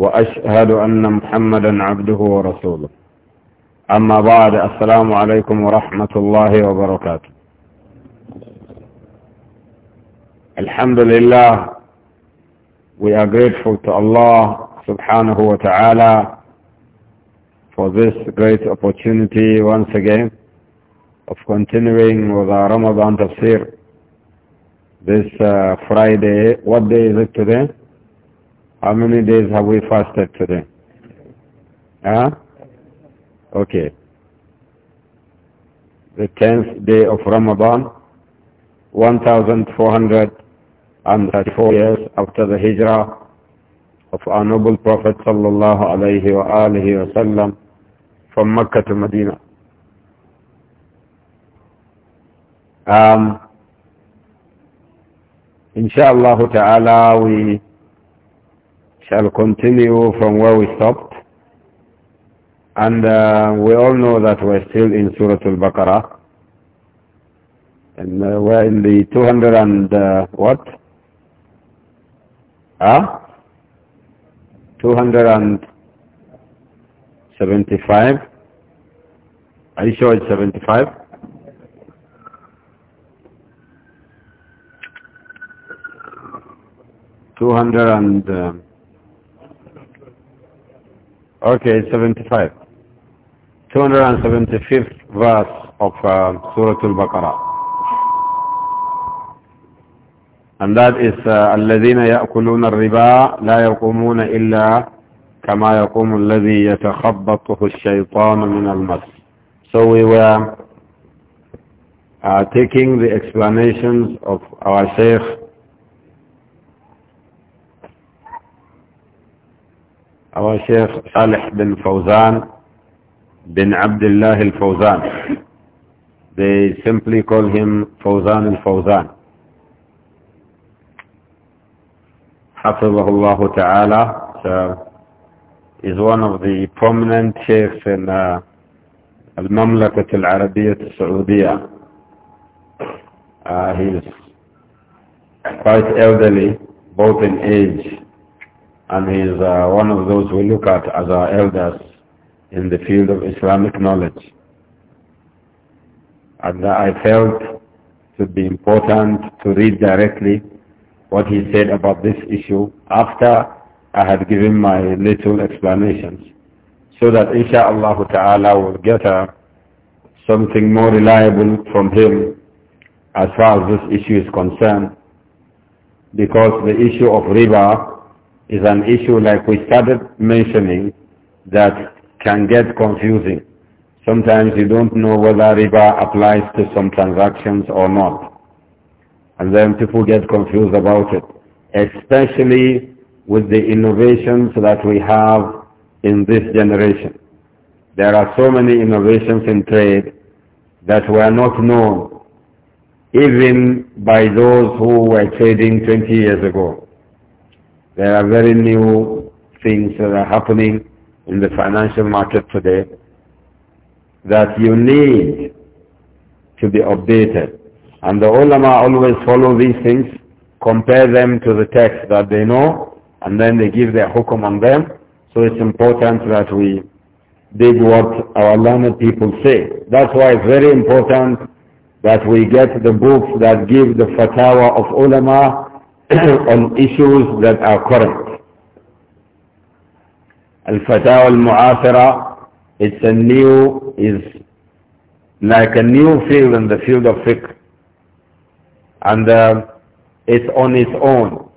وأشهد أن محمدا عبده ورسوله أما بعد السلام عليكم ورحمة الله وبركاته الحمد لله we are grateful to Allah subhanahu wa ta'ala for this great opportunity once again of continuing with our Ramadan tafsir this uh, Friday. What day is it today? How many days have we fasted today? Huh? Okay. The 10th day of Ramadan, 1,434 years after the hijrah of our noble Prophet sallallahu alayhi wa alihi wa sallam from Mecca to Medina. Um, inshallah ta'ala we shall continue from where we stopped. And uh, we all know that we're still in Surah Al-Baqarah. And uh, we're in the 200 and uh, what? Ah? Huh? 275. Are you sure it's 75? Two hundred and uh, Okay, 75. 275th verse of uh, Surah Al-Baqarah. And that is uh, الذين يأكلون الربا لا يقومون إلا كما يقوم الذي يتخبطه الشيطان من المس. So we were uh, taking the explanations of our Shaykh هو الشيخ صالح بن فوزان بن عبد الله الفوزان They simply call him فوزان الفوزان حفظه الله تعالى so, is one of the prominent sheikhs in uh, المملكة العربية السعودية. Uh, he is quite elderly, both in age and is uh, one of those we look at as our elders in the field of Islamic knowledge. And I felt it would be important to read directly what he said about this issue after I had given my little explanations so that insha'Allah ta'ala will get uh, something more reliable from him as far as this issue is concerned because the issue of riba is an issue like we started mentioning that can get confusing. Sometimes you don't know whether riba applies to some transactions or not. And then people get confused about it, especially with the innovations that we have in this generation. There are so many innovations in trade that were not known even by those who were trading 20 years ago. There are very new things that are happening in the financial market today that you need to be updated. And the ulama always follow these things, compare them to the text that they know, and then they give their hukum on them. So it's important that we did what our learned people say. That's why it's very important that we get the books that give the fatwa of ulama on issues that are current. Al-Fatawa al-Mu'athira, it's a new, is like a new field in the field of fiqh. And uh, it's on its own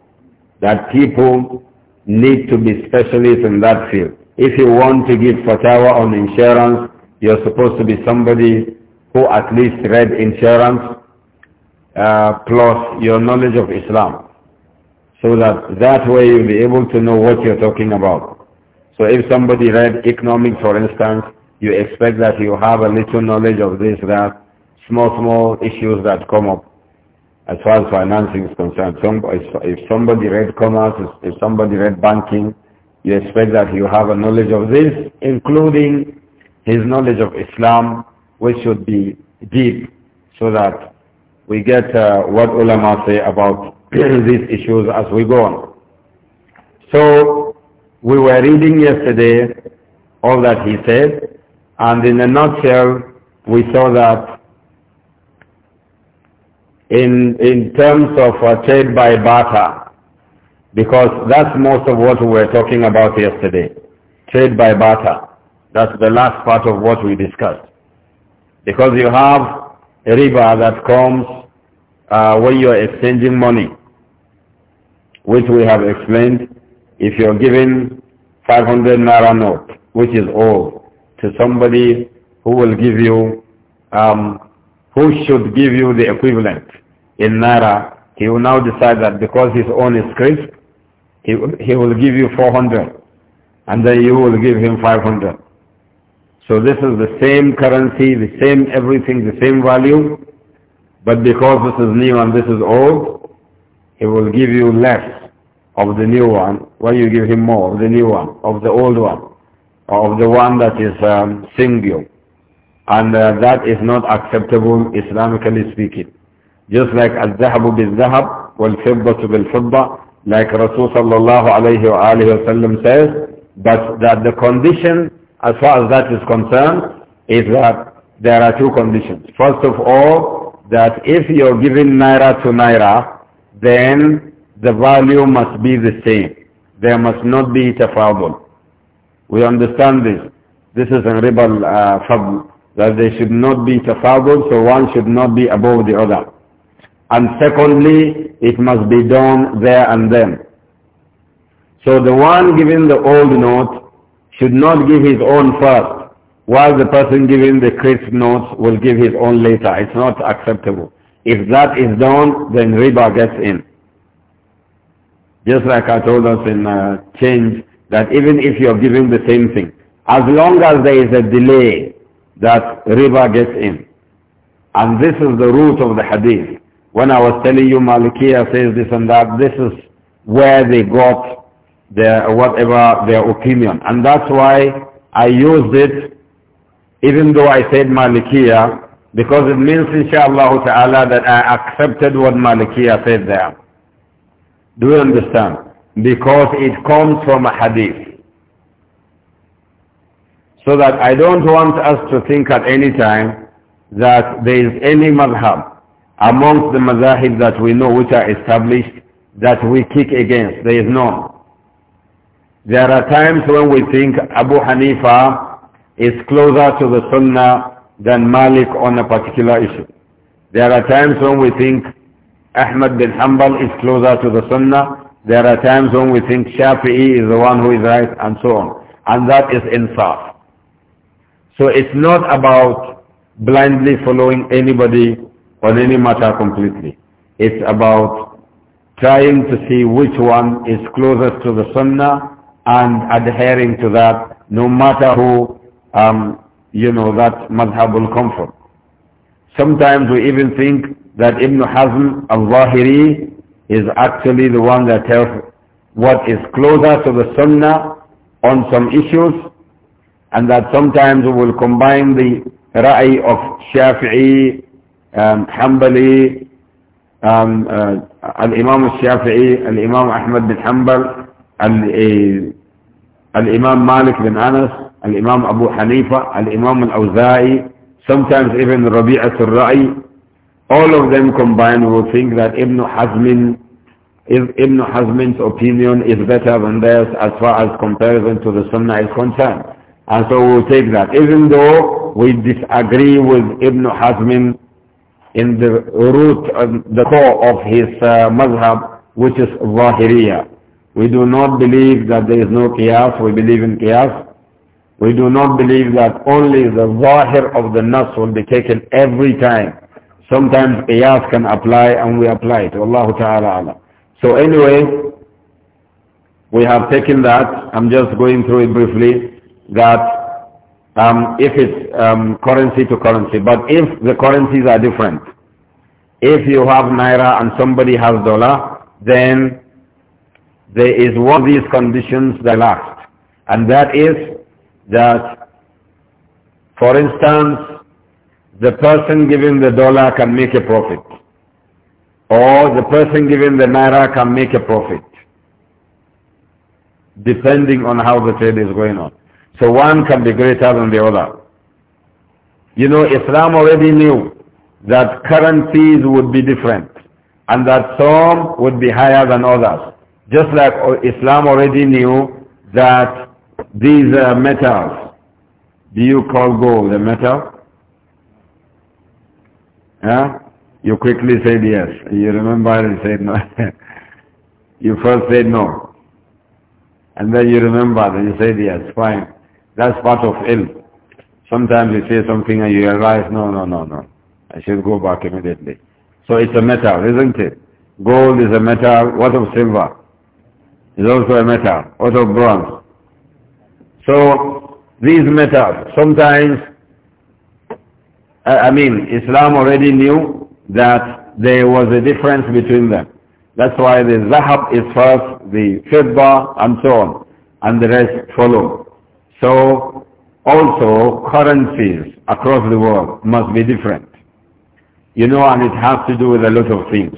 that people need to be specialists in that field. If you want to give fatawa on insurance, you're supposed to be somebody who at least read insurance uh, plus your knowledge of Islam. So that that way you'll be able to know what you're talking about. So if somebody read economics, for instance, you expect that you have a little knowledge of this, that, small, small issues that come up as far as financing is concerned. Some, if, if somebody read commerce, if, if somebody read banking, you expect that you have a knowledge of this, including his knowledge of Islam, which should be deep, so that we get uh, what ulama say about these issues as we go on. So we were reading yesterday all that he said, and in a nutshell, we saw that in, in terms of uh, trade by barter, because that's most of what we were talking about yesterday, trade by barter. That's the last part of what we discussed. Because you have a river that comes uh, when you are exchanging money which we have explained, if you're given 500 naira note, which is old, to somebody who will give you, um, who should give you the equivalent in naira, he will now decide that because his own is crisp, he, he will give you 400 and then you will give him 500. So this is the same currency, the same everything, the same value, but because this is new and this is old, he will give you less of the new one when you give him more of the new one, of the old one, of the one that is um, single. And uh, that is not acceptable Islamically speaking. Just like الذهب zahab والفضة بالفضة like Rasul sallallahu alayhi wa alayhi says but that the condition as far as that is concerned is that there are two conditions. First of all, that if you're giving naira to naira, then the value must be the same. There must not be tafadul. We understand this. This is a riba uh, that there should not be tafadul, so one should not be above the other. And secondly, it must be done there and then. So the one giving the old note should not give his own first, while the person giving the crisp notes will give his own later. It's not acceptable. If that is done, then riba gets in. Just like I told us in uh, change, that even if you're giving the same thing, as long as there is a delay, that riba gets in. And this is the root of the hadith. When I was telling you Malikiya says this and that, this is where they got their, whatever their opinion. And that's why I used it, even though I said Malikiya, because it means, insha'Allah, ta'ala, that I accepted what Malikiya said there. Do you understand? Because it comes from a hadith. So that I don't want us to think at any time that there is any madhab amongst the madhahib that we know which are established that we kick against. There is none. There are times when we think Abu Hanifa is closer to the Sunnah than Malik on a particular issue. There are times when we think Ahmad bin Hanbal is closer to the Sunnah. There are times when we think Shafi'i is the one who is right and so on. And that is insaf. So it's not about blindly following anybody on any matter completely. It's about trying to see which one is closest to the sunnah and adhering to that no matter who um, you know, that madhab will come from. Sometimes we even think that Ibn Hazm al-Zahiri is actually the one that tells what is closer to the Sunnah on some issues and that sometimes we will combine the Ra'i of Shafi'i, um, Hanbali, um, uh, Al-Imam al-Shafi'i, Al-Imam Ahmad bin Hanbal, eh, Al-Imam Malik bin Anas, Al-Imam Abu Hanifa, Al-Imam Al-Awza'i, sometimes even Rabi' al-Ra'i, all of them combined will think that Ibn Hazm, Ibn Hazm's opinion is better than theirs as far as comparison to the Sunnah is concerned. And so we'll take that. Even though we disagree with Ibn Hazm in the root, um, the core of his uh, which is Zahiriyah. We do not believe that there is no Qiyas, we believe in Qiyas. We do not believe that only the zahir of the nas will be taken every time. Sometimes qiyas can apply and we apply it. Allah ta'ala So anyway, we have taken that. I'm just going through it briefly. That um, if it's um, currency to currency, but if the currencies are different, if you have naira and somebody has dollar, then there is one of these conditions that last. And that is that, for instance, the person giving the dollar can make a profit, or the person giving the naira can make a profit, depending on how the trade is going on. So one can be greater than the other. You know, Islam already knew that currencies would be different and that some would be higher than others. Just like Islam already knew that these uh, metals, do you call gold a metal? Yeah? You quickly said yes. You remember I said no. you first said no. And then you remember and you said yes. Fine. That's part of ill. Sometimes you say something and you realize, no, no, no, no. I should go back immediately. So it's a metal, isn't it? Gold is a metal. What of silver? It's also a metal. What of bronze? So these matters, sometimes, I mean, Islam already knew that there was a difference between them. That's why the zahab is first, the fidda and so on, and the rest follow. So also currencies across the world must be different. You know, and it has to do with a lot of things.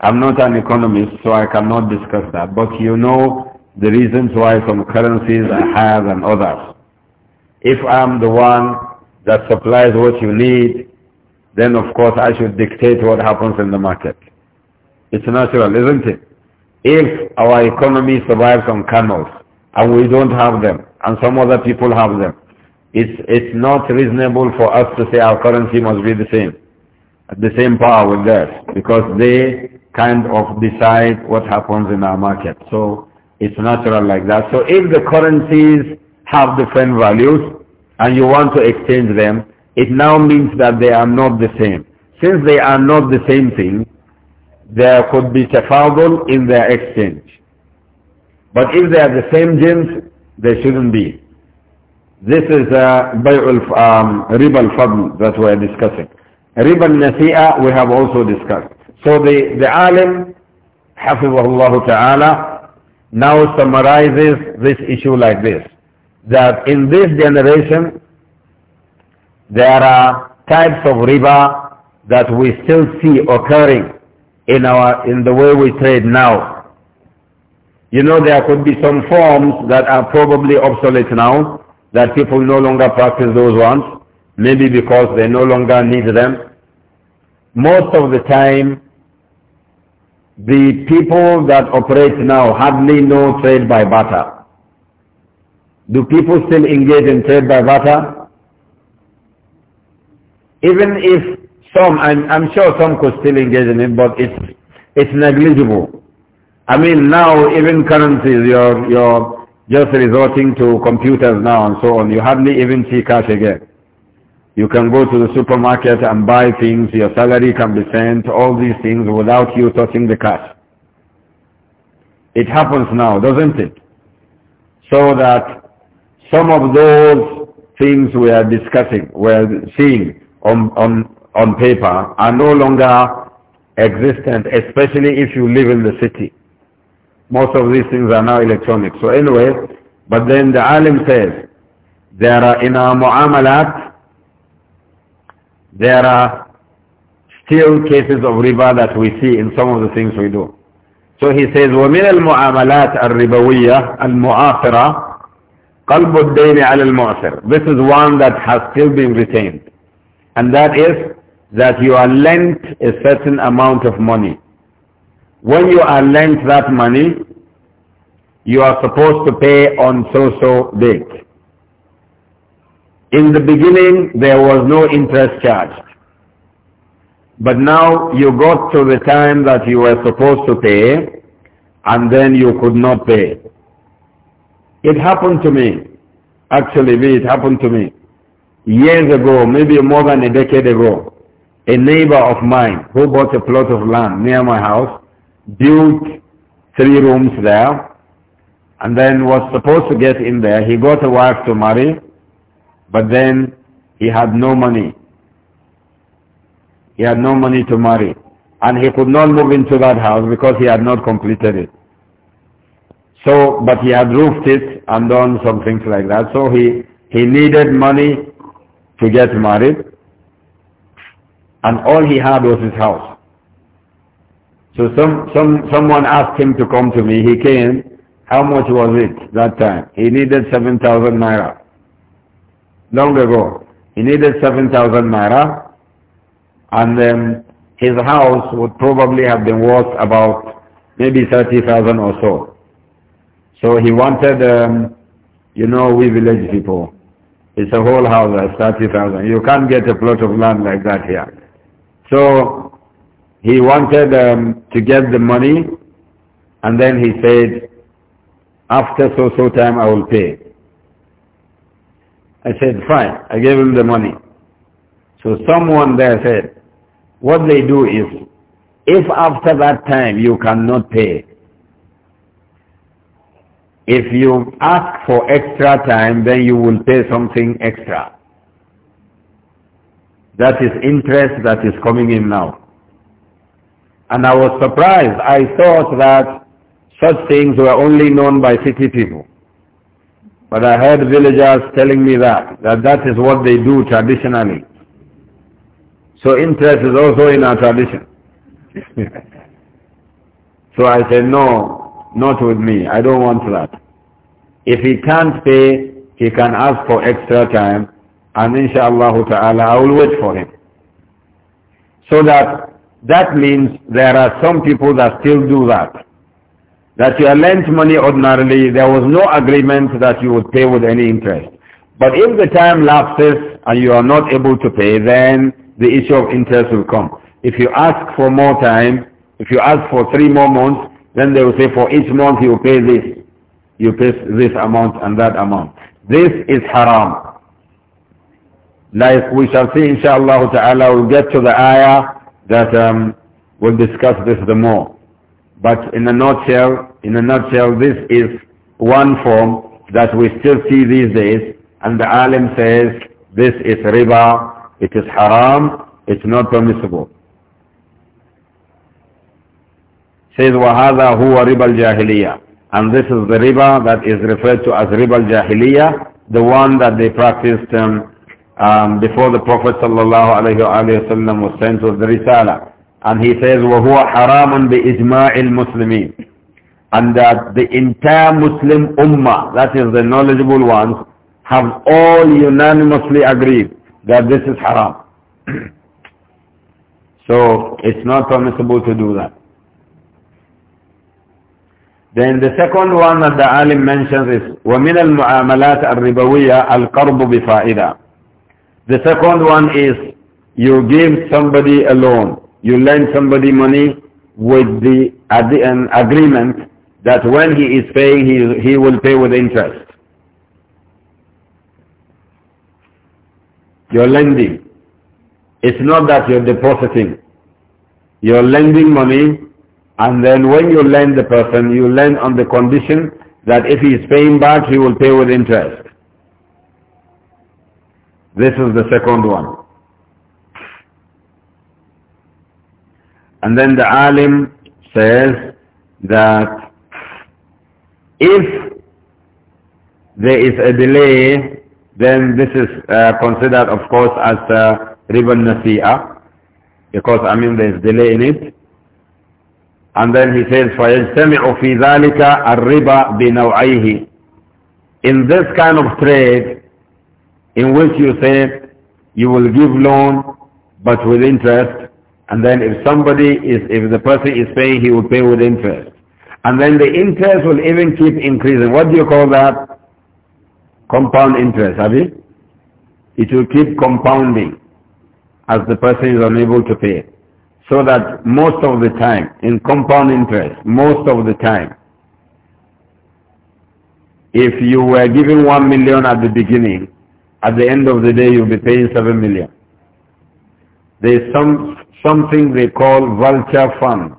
I'm not an economist, so I cannot discuss that. But you know the reasons why some currencies are higher than others. If I'm the one that supplies what you need, then of course I should dictate what happens in the market. It's natural, isn't it? If our economy survives on camels and we don't have them and some other people have them, it's, it's not reasonable for us to say our currency must be the same, the same power with theirs, because they kind of decide what happens in our market. So it's natural like that. So if the currencies have different values and you want to exchange them, it now means that they are not the same. Since they are not the same thing, there could be tafadul in their exchange. But if they are the same gems, they shouldn't be. This is a uh, ribal um, riba al-fadl that we are discussing. Riba al-nasi'a we have also discussed. So the, the alim, hafizahullah ta'ala, now summarizes this issue like this, that in this generation, there are types of riba that we still see occurring in, our, in the way we trade now. You know, there could be some forms that are probably obsolete now, that people no longer practice those ones, maybe because they no longer need them. Most of the time, the people that operate now hardly know trade by barter. Do people still engage in trade by barter? Even if some, I'm, I'm sure some could still engage in it, but it's, it's negligible. I mean, now even currencies, you're, you're just resorting to computers now and so on. You hardly even see cash again. You can go to the supermarket and buy things, your salary can be sent, all these things without you touching the cash. It happens now, doesn't it? So that some of those things we are discussing, we are seeing on, on, on paper are no longer existent, especially if you live in the city. Most of these things are now electronic. So anyway, but then the alim says, there are in our mu'amalat, there are still cases of riba that we see in some of the things we do. So he says, وَمِنَ الْمُعَامَلَاتِ الرِّبَوِيَّةِ الْمُعَاصِرَةِ قَلْبُ الدَّيْنِ عَلَى الْمُعْصِرِ This is one that has still been retained. And that is that you are lent a certain amount of money. When you are lent that money, you are supposed to pay on so-so date. In the beginning, there was no interest charged. But now you got to the time that you were supposed to pay, and then you could not pay. It happened to me. Actually, it happened to me. Years ago, maybe more than a decade ago, a neighbor of mine who bought a plot of land near my house, built three rooms there, and then was supposed to get in there. He got a wife to marry, but then he had no money. He had no money to marry. And he could not move into that house because he had not completed it. So, but he had roofed it and done some things like that. So he, he needed money to get married. And all he had was his house. So some, some, someone asked him to come to me. He came. How much was it that time? He needed 7,000 naira long ago. He needed 7,000 naira and um, his house would probably have been worth about maybe 30,000 or so. So he wanted, um, you know, we village people. It's a whole house at 30,000. You can't get a plot of land like that here. So he wanted um, to get the money and then he said, after so so time I will pay. I said, fine. I gave him the money. So someone there said, what they do is, if after that time you cannot pay, if you ask for extra time, then you will pay something extra. That is interest that is coming in now. And I was surprised. I thought that such things were only known by city people. But I heard villagers telling me that, that that is what they do traditionally. So interest is also in our tradition. so I said, no, not with me. I don't want that. If he can't pay, he can ask for extra time and inshallah ta'ala I will wait for him. So that, that means there are some people that still do that that you lent money ordinarily, there was no agreement that you would pay with any interest. But if the time lapses and you are not able to pay, then the issue of interest will come. If you ask for more time, if you ask for three more months, then they will say for each month you pay this. You pay this amount and that amount. This is haram. Like we shall see inshallah ta'ala, we'll get to the ayah that um, will discuss this the more. But in a nutshell, in a nutshell, this is one form that we still see these days. And the alim says, this is riba, it is haram, it's not permissible. Says, وَهَذَا هُوَ riba al-jahiliyyah. And this is the riba that is referred to as riba al the one that they practiced um, um, before the Prophet sallallahu alayhi wa was sent with the risala. And he says, وَهُوَ حَرَامٌ بِإِجْمَاعِ الْمُسْلِمِينَ And that the entire Muslim ummah, that is the knowledgeable ones, have all unanimously agreed that this is haram. so it's not permissible to do that. Then the second one that the alim mentions is وَمِنَ الْمُعَامَلَاتِ الرِّبَوِيَّةِ bi بِفَائِدَةِ The second one is you give somebody a loan you lend somebody money with the an agreement that when he is paying, he, he will pay with interest. You're lending. It's not that you're depositing. You're lending money and then when you lend the person, you lend on the condition that if he is paying back, he will pay with interest. This is the second one. And then the alim says that if there is a delay, then this is uh, considered, of course, as riba uh, ribbon because, I mean, there is delay in it. And then he says, فَيَجْتَمِعُ فِي ذَلِكَ الرِّبَى بِنَوْعَيْهِ In this kind of trade, in which you say, you will give loan, but with interest, and then if somebody is, if the person is paying, he will pay with interest. And then the interest will even keep increasing. What do you call that? Compound interest, have you? It will keep compounding as the person is unable to pay. So that most of the time, in compound interest, most of the time, if you were given one million at the beginning, at the end of the day you'll be paying seven million. There is some something they call vulture fund.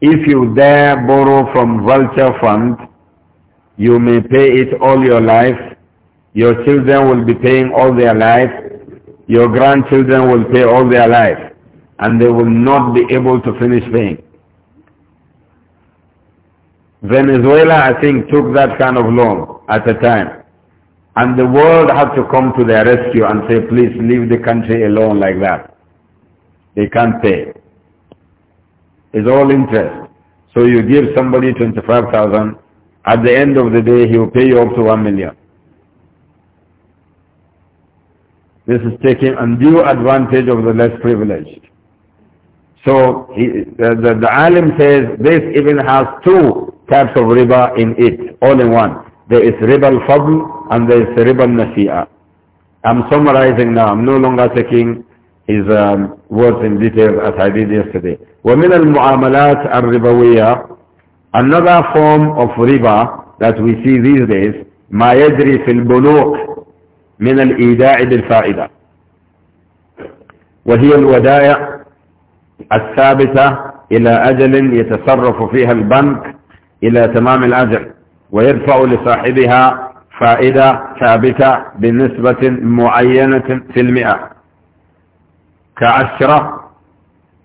If you dare borrow from vulture fund, you may pay it all your life. Your children will be paying all their life. Your grandchildren will pay all their life. And they will not be able to finish paying. Venezuela, I think, took that kind of loan at a time. And the world had to come to their rescue and say, please leave the country alone like that. They can't pay. It's all interest. So you give somebody 25,000, at the end of the day he will pay you up to 1 million. This is taking undue advantage of the less privileged. So he, the, the, the alim says this even has two types of riba in it, all in one. There is riba al-fadl and there is riba al-nasi'a. I'm summarizing now. I'm no longer taking is um, worth in detail as I did yesterday. ومن المعاملات الربوية another form of riba that we see these days ما يجري في البنوك من الإيداع بالفائدة وهي الودائع الثابتة إلى أجل يتصرف فيها البنك إلى تمام الأجل ويدفع لصاحبها فائدة ثابتة بنسبة معينة في المئة كعشرة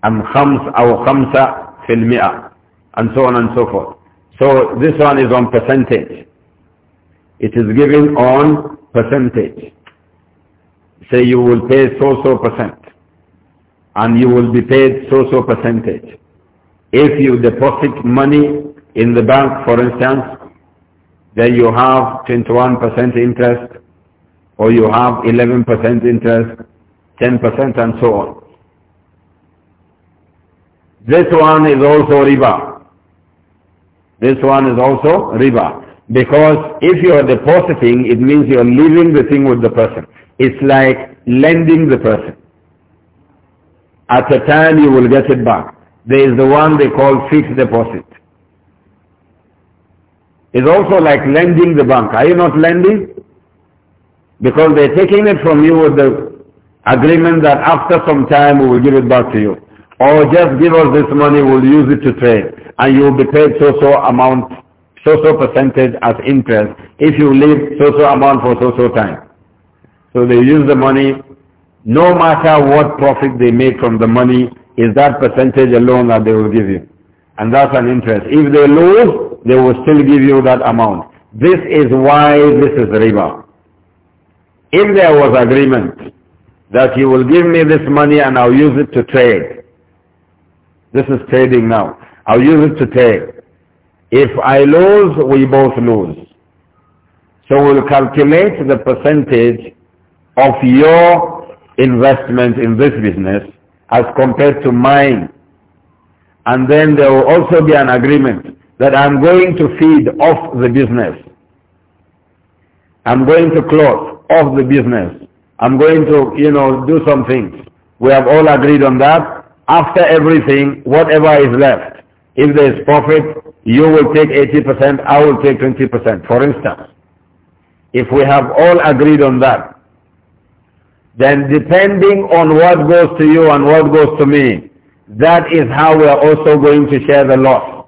أم خمس أو خمسة في المئة and so on and so forth. So this one is on percentage. It is given on percentage. Say you will pay so-so percent and you will be paid so-so percentage. If you deposit money in the bank, for instance, then you have 21% interest or you have 11% interest 10% and so on. This one is also riba. This one is also riba. Because if you are depositing, it means you are leaving the thing with the person. It's like lending the person. At a time you will get it back. There is the one they call fixed deposit. It's also like lending the bank. Are you not lending? Because they're taking it from you with the agreement that after some time we will give it back to you. Or just give us this money, we'll use it to trade. And you'll be paid so-so amount, so-so percentage as interest if you leave so-so amount for so-so time. So they use the money. No matter what profit they make from the money, is that percentage alone that they will give you. And that's an interest. If they lose, they will still give you that amount. This is why this is riba. If there was agreement that you will give me this money and I'll use it to trade. This is trading now. I'll use it to trade. If I lose, we both lose. So we'll calculate the percentage of your investment in this business as compared to mine. And then there will also be an agreement that I'm going to feed off the business. I'm going to close off the business. I'm going to, you know, do some things. We have all agreed on that. After everything, whatever is left, if there is profit, you will take 80%, I will take 20%, for instance. If we have all agreed on that, then depending on what goes to you and what goes to me, that is how we are also going to share the loss.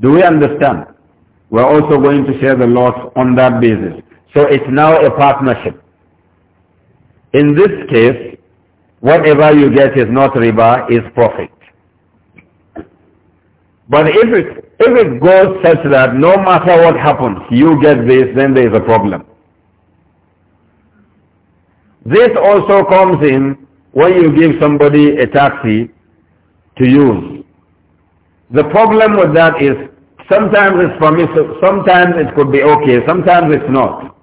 Do we understand? We are also going to share the loss on that basis. So it's now a partnership. In this case, whatever you get is not riba, is profit. But if it, if it goes such that no matter what happens, you get this, then there is a problem. This also comes in when you give somebody a taxi to use. The problem with that is sometimes it's permissible, sometimes it could be okay, sometimes it's not.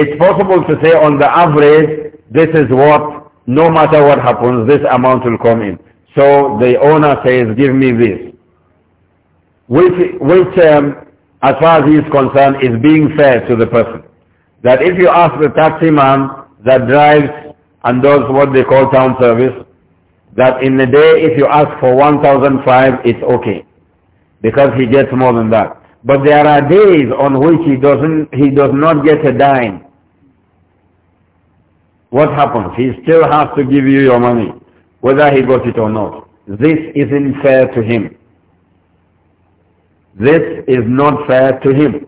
It's possible to say on the average, this is what, no matter what happens, this amount will come in. So the owner says, give me this. Which, which um, as far as he is concerned, is being fair to the person. That if you ask the taxi man that drives and does what they call town service, that in the day if you ask for 1,005, it's okay. Because he gets more than that. But there are days on which he doesn't, he does not get a dime. What happens? He still has to give you your money, whether he got it or not. This isn't fair to him. This is not fair to him.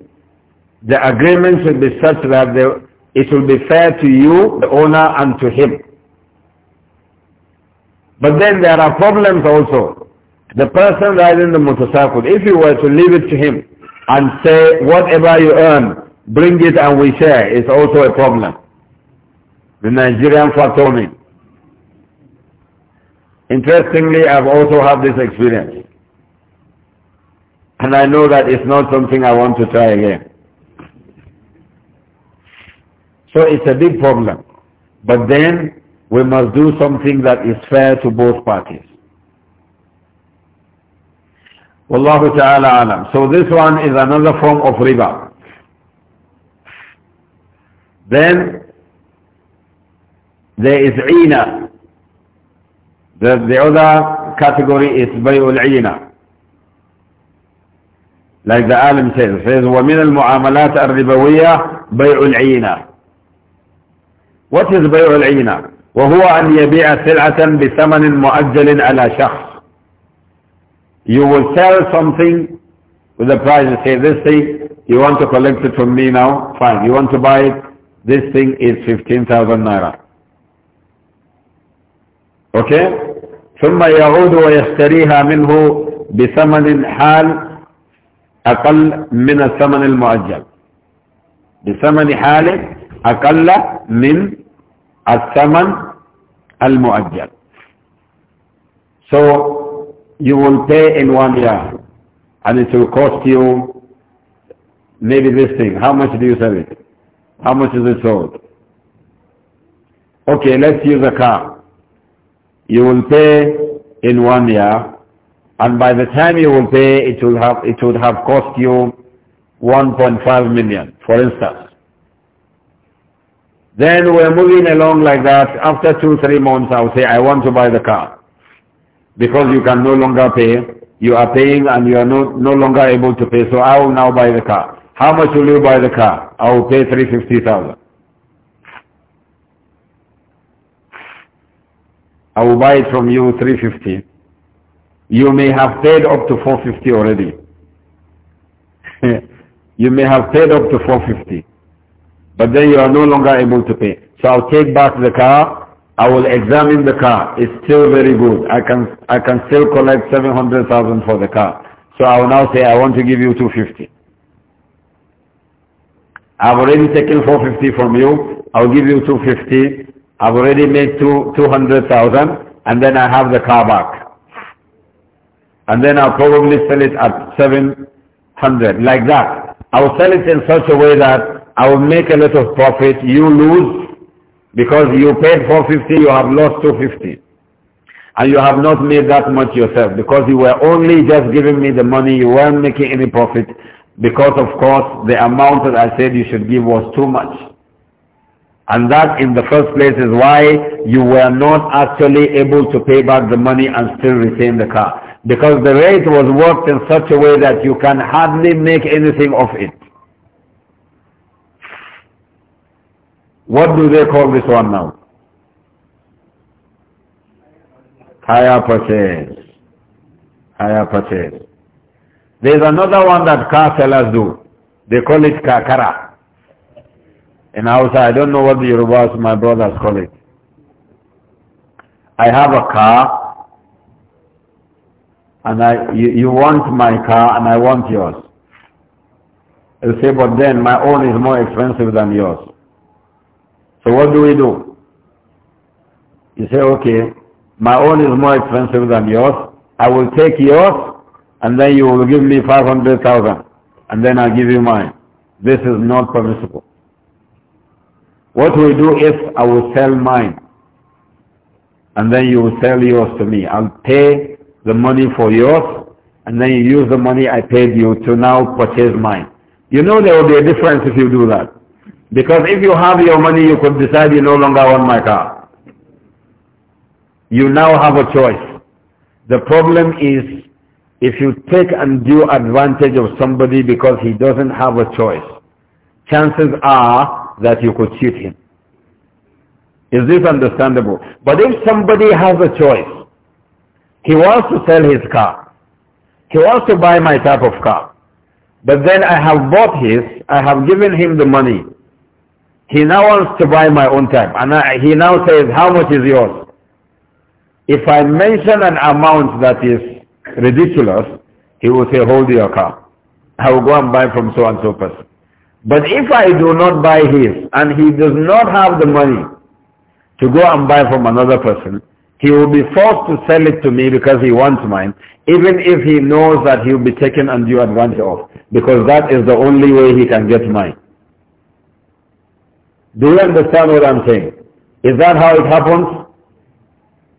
The agreement should be such that the, it will be fair to you, the owner, and to him. But then there are problems also. The person riding the motorcycle, if you were to leave it to him and say, whatever you earn, bring it and we share, is also a problem the Nigerian Fatomin. Interestingly, I've also had this experience. And I know that it's not something I want to try again. So it's a big problem. But then we must do something that is fair to both parties. Wallahu ta'ala alam. So this one is another form of riba. Then There is Ina. The, the other category is Bay'ul Ina. Like the Alim says, it says وَمِنَ الْمُعَامَلَاتِ الرِّبَوِيَّةِ بَيْعُ الْعِينَةِ What is بَيْعُ الْعِينَةِ وهو أن يبيع سلعة بثمن مؤجل على شخص You will sell something with a price and say this thing you want to collect it from me now fine you want to buy it this thing is 15,000 naira أوكي ثم يعود ويشتريها منه بثمن حال أقل من الثمن المؤجل بثمن حال أقل من الثمن المؤجل So you will pay in one year and it will cost you maybe this thing. How much do you sell it? How much is it sold? Okay, let's use a car. you will pay in one year, and by the time you will pay, it will have, it would have cost you 1.5 million, for instance. Then we're moving along like that. After two, three months, I'll say, I want to buy the car. Because you can no longer pay. You are paying and you are no, no longer able to pay. So I will now buy the car. How much will you buy the car? I will pay 350,000. I will buy it from you 350. You may have paid up to 450 already. you may have paid up to 450. But then you are no longer able to pay. So I'll take back the car. I will examine the car. It's still very good. I can, I can still collect 700,000 for the car. So I will now say I want to give you 250. I've already taken 450 from you. I'll give you 250 I've already made two, 200,000 and then I have the car back. And then I'll probably sell it at 700, like that. I'll sell it in such a way that I will make a lot of profit, you lose, because you paid 450, you have lost 250. And you have not made that much yourself, because you were only just giving me the money, you weren't making any profit, because of course the amount that I said you should give was too much. And that in the first place is why you were not actually able to pay back the money and still retain the car. Because the rate was worked in such a way that you can hardly make anything of it. What do they call this one now? Higher purchase. Higher purchase. There's another one that car sellers do. They call it kakara. In Hausa, I don't know what the Yorubas, my brothers call it. I have a car, and I, you, you want my car, and I want yours. You say, but then my own is more expensive than yours. So what do we do? You say, okay, my own is more expensive than yours. I will take yours, and then you will give me 500,000, and then I'll give you mine. This is not permissible. What we do is I will sell mine and then you will sell yours to me. I'll pay the money for yours and then you use the money I paid you to now purchase mine. You know there will be a difference if you do that. Because if you have your money, you could decide you no longer want my car. You now have a choice. The problem is if you take undue advantage of somebody because he doesn't have a choice, chances are that you could shoot him. Is this understandable? But if somebody has a choice, he wants to sell his car. He wants to buy my type of car. But then I have bought his, I have given him the money. He now wants to buy my own type. And I, he now says, how much is yours? If I mention an amount that is ridiculous, he will say, hold your car. I will go and buy from so and so person. But if I do not buy his and he does not have the money to go and buy from another person, he will be forced to sell it to me because he wants mine, even if he knows that he will be taken undue advantage of, because that is the only way he can get mine. Do you understand what I'm saying? Is that how it happens?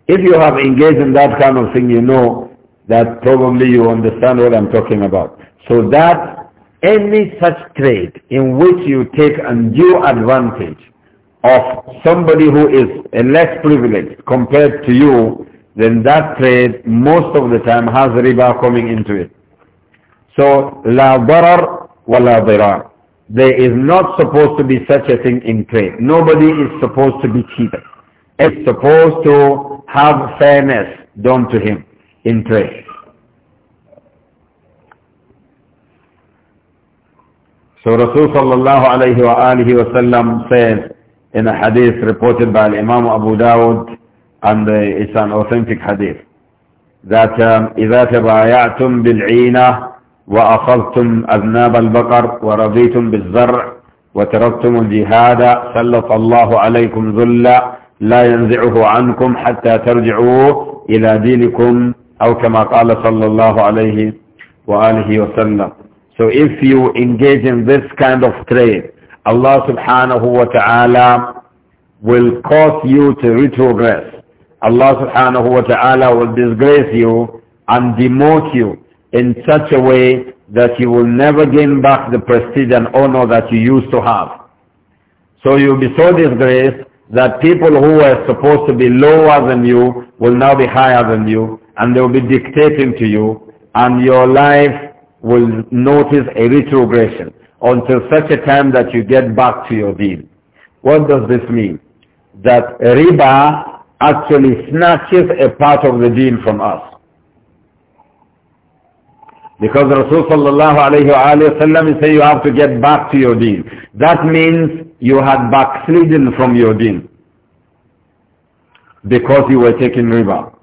If you have engaged in that kind of thing, you know that probably you understand what I'm talking about. So that any such trade in which you take undue advantage of somebody who is less privileged compared to you, then that trade most of the time has riba coming into it. So, la darar wa la dirar. There is not supposed to be such a thing in trade. Nobody is supposed to be cheated. It's supposed to have fairness done to him in trade. So Rasul sallallahu alayhi wa alihi wa sallam says in a hadith reported by Imam Abu Dawud and it's an authentic hadith that um, إذا تبايعتم بالعينة وأخذتم أذناب البقر ورضيتم بالزرع وتركتم الجهاد سلط الله عليكم ذلا لا ينزعه عنكم حتى ترجعوا إلى دينكم أو كما قال صلى الله عليه وآله وسلم So if you engage in this kind of trade, Allah subhanahu wa ta'ala will cause you to retrogress. Allah subhanahu wa ta'ala will disgrace you and demote you in such a way that you will never gain back the prestige and honor that you used to have. So you'll be so disgraced that people who were supposed to be lower than you will now be higher than you and they will be dictating to you and your life will notice a retrogression until such a time that you get back to your deen. What does this mean? That riba actually snatches a part of the deen from us. Because Rasulullah sallallahu alayhi wa sallam say you have to get back to your deen. That means you had backslidden from your deen because you were taking riba.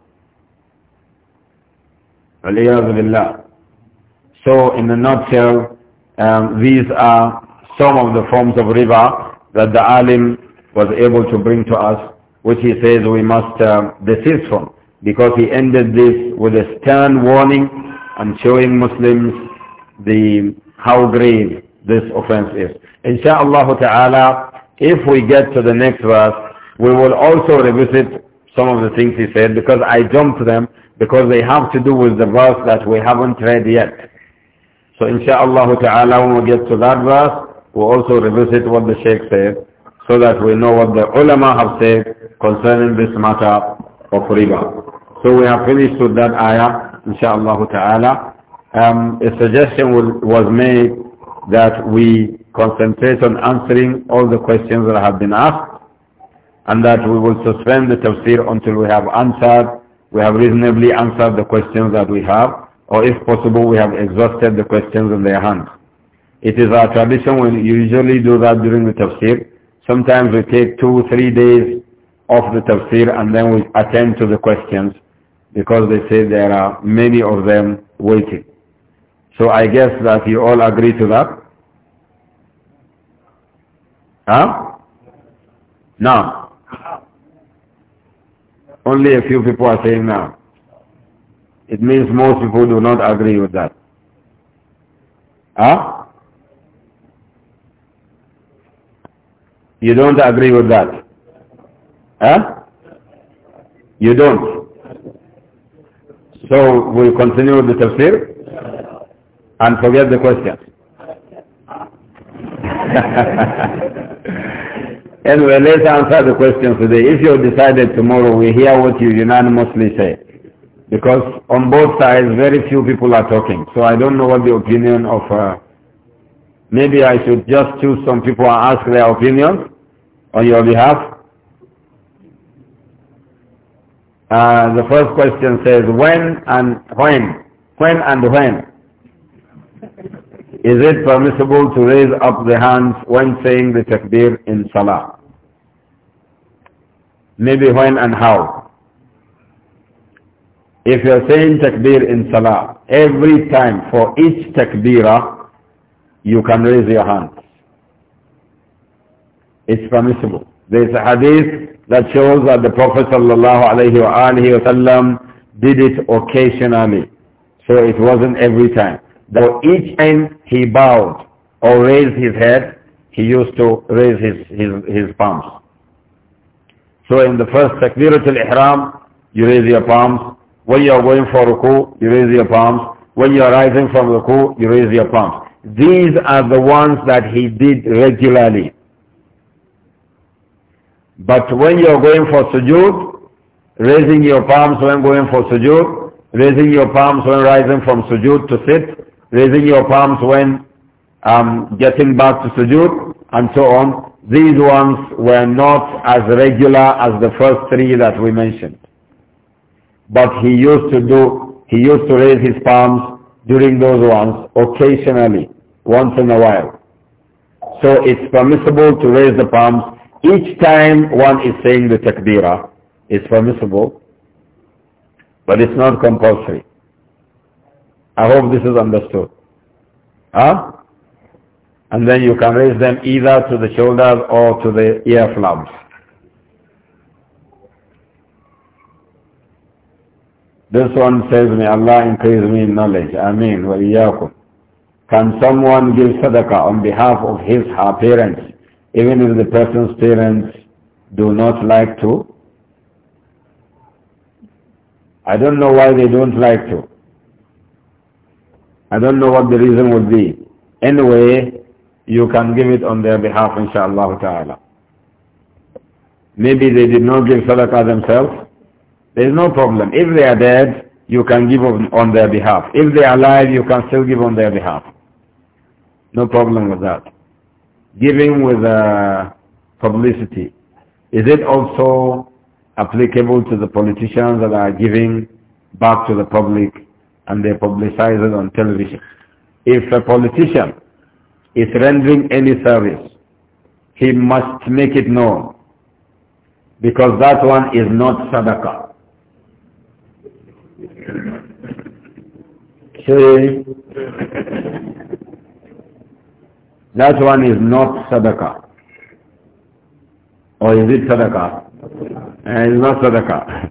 Aliyah billah. So in a nutshell, um, these are some of the forms of riba that the alim was able to bring to us, which he says we must uh, desist from, because he ended this with a stern warning and showing Muslims the how grave this offense is. Insha'Allah ta'ala, if we get to the next verse, we will also revisit some of the things he said, because I jumped them, because they have to do with the verse that we haven't read yet. So insha'Allah ta'ala when we get to that verse, we'll also revisit what the Sheikh said so that we know what the ulama have said concerning this matter of riba. So we have finished with that ayah, insha'Allah ta'ala. Um, a suggestion was made that we concentrate on answering all the questions that have been asked and that we will suspend the tafsir until we have answered, we have reasonably answered the questions that we have or if possible we have exhausted the questions in their hand. It is our tradition We usually do that during the tafsir. Sometimes we take two, three days off the tafsir and then we attend to the questions because they say there are many of them waiting. So I guess that you all agree to that. Huh? Now. Only a few people are saying now. It means most people do not agree with that. Huh? You don't agree with that? Huh? You don't? So we'll continue with the tafsir and forget the question. anyway, let's answer the questions today. If you decided tomorrow we hear what you unanimously say. Because on both sides, very few people are talking. So I don't know what the opinion of... Uh, maybe I should just choose some people and ask their opinions on your behalf. Uh, the first question says, when and when? When and when? Is it permissible to raise up the hands when saying the takbir in salah? Maybe when and how? If you're saying takbir in salah, every time for each takbirah, you can raise your hand. It's permissible. There's a hadith that shows that the Prophet sallallahu did it occasionally. So it wasn't every time. For each time he bowed or raised his head, he used to raise his, his, his palms. So in the first takbiratul ihram, you raise your palms. When you are going for ruku, you raise your palms. When you are rising from ruku, you raise your palms. These are the ones that he did regularly. But when you are going for sujood, raising your palms when going for sujood, raising your palms when rising from sujood to sit, raising your palms when um, getting back to sujood, and so on. These ones were not as regular as the first three that we mentioned. But he used to do, he used to raise his palms during those ones occasionally, once in a while. So it's permissible to raise the palms each time one is saying the takbirah. It's permissible, but it's not compulsory. I hope this is understood. Huh? And then you can raise them either to the shoulders or to the ear flaps. This one says, may Allah increase me in knowledge. Ameen. Wa Can someone give sadaqah on behalf of his, her parents, even if the person's parents do not like to? I don't know why they don't like to. I don't know what the reason would be. Anyway, you can give it on their behalf, inshallah ta'ala. Maybe they did not give sadaqah themselves. There is no problem. If they are dead, you can give on their behalf. If they are alive, you can still give on their behalf. No problem with that. Giving with uh, publicity. Is it also applicable to the politicians that are giving back to the public and they publicize it on television? If a politician is rendering any service, he must make it known because that one is not sadaqah. Saying, that one is not sadaqah. Or is it sadaqah? Uh, it's not sadaqah.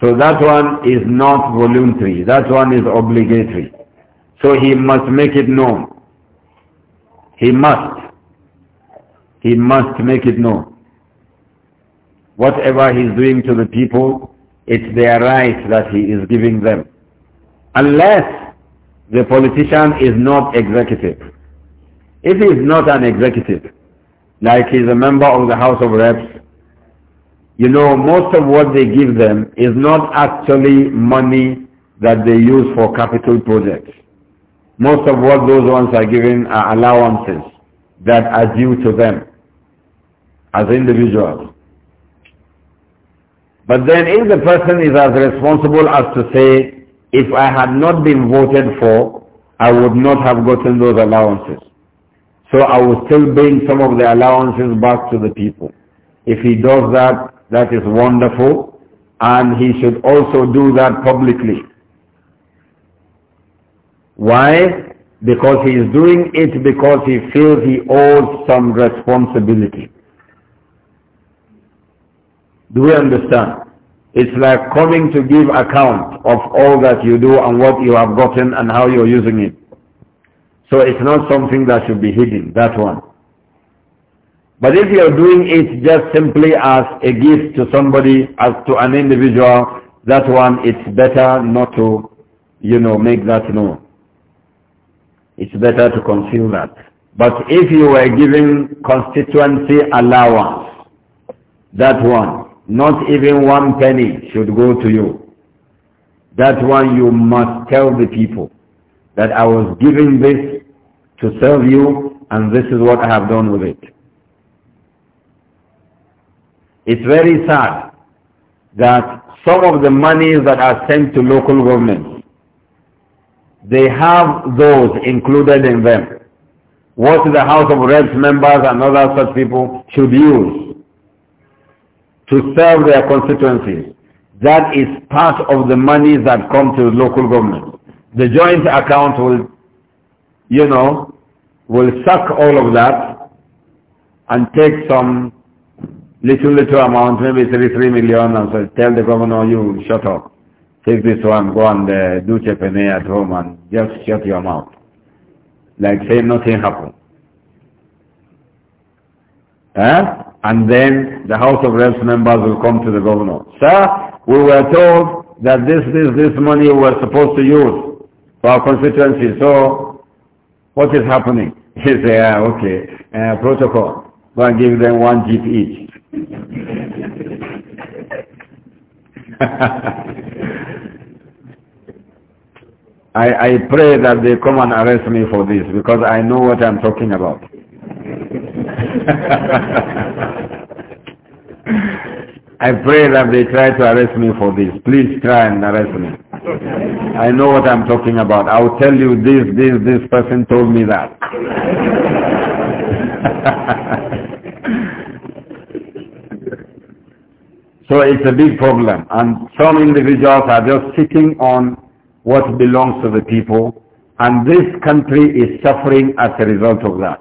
So that one is not voluntary. That one is obligatory. So he must make it known. He must. He must make it known. Whatever he's doing to the people, it's their right that he is giving them. Unless the politician is not executive. If he is not an executive, like he's a member of the House of Reps, you know, most of what they give them is not actually money that they use for capital projects. Most of what those ones are given are allowances that are due to them as individuals. But then if the person is as responsible as to say, if I had not been voted for, I would not have gotten those allowances. So I will still bring some of the allowances back to the people. If he does that, that is wonderful. And he should also do that publicly. Why? Because he is doing it because he feels he owes some responsibility. Do we understand? It's like coming to give account of all that you do and what you have gotten and how you're using it. So it's not something that should be hidden, that one. But if you're doing it just simply as a gift to somebody, as to an individual, that one, it's better not to, you know, make that known. It's better to conceal that. But if you were giving constituency allowance, that one, not even one penny should go to you. That one you must tell the people that I was giving this to serve you and this is what I have done with it. It's very sad that some of the monies that are sent to local governments, they have those included in them. What the House of Reps members and other such people should use to serve their constituencies. That is part of the money that comes to local government. The joint account will, you know, will suck all of that and take some little, little amount, maybe 33 million, and so tell the governor, you shut up. Take this one, go and uh, do chepene at home and just shut your mouth. Like say nothing happened. Eh? And then the House of Reps members will come to the governor. Sir, we were told that this, this, this money we were supposed to use for our constituency. So what is happening? He said, yeah, okay, uh, protocol. Go and give them one jeep each. I, I pray that they come and arrest me for this because I know what I'm talking about. I pray that they try to arrest me for this. Please try and arrest me. I know what I'm talking about. I'll tell you this, this, this person told me that. so it's a big problem. And some individuals are just sitting on what belongs to the people. And this country is suffering as a result of that.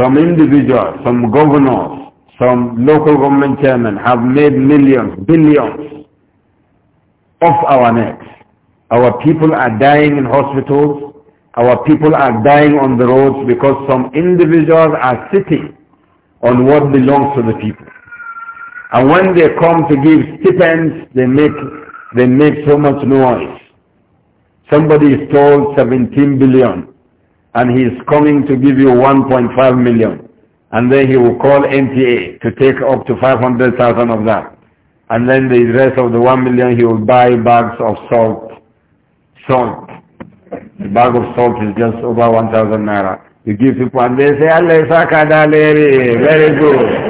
Some individuals, some governors, some local government chairmen have made millions, billions off our necks. Our people are dying in hospitals. Our people are dying on the roads because some individuals are sitting on what belongs to the people. And when they come to give stipends, they make, they make so much noise. Somebody stole 17 billion and he's coming to give you 1.5 million. And then he will call NTA to take up to 500,000 of that. And then the rest of the 1 million he will buy bags of salt. Salt. The bag of salt is just over 1,000 naira. You give people and they say, Allah Sakadaleri, very good.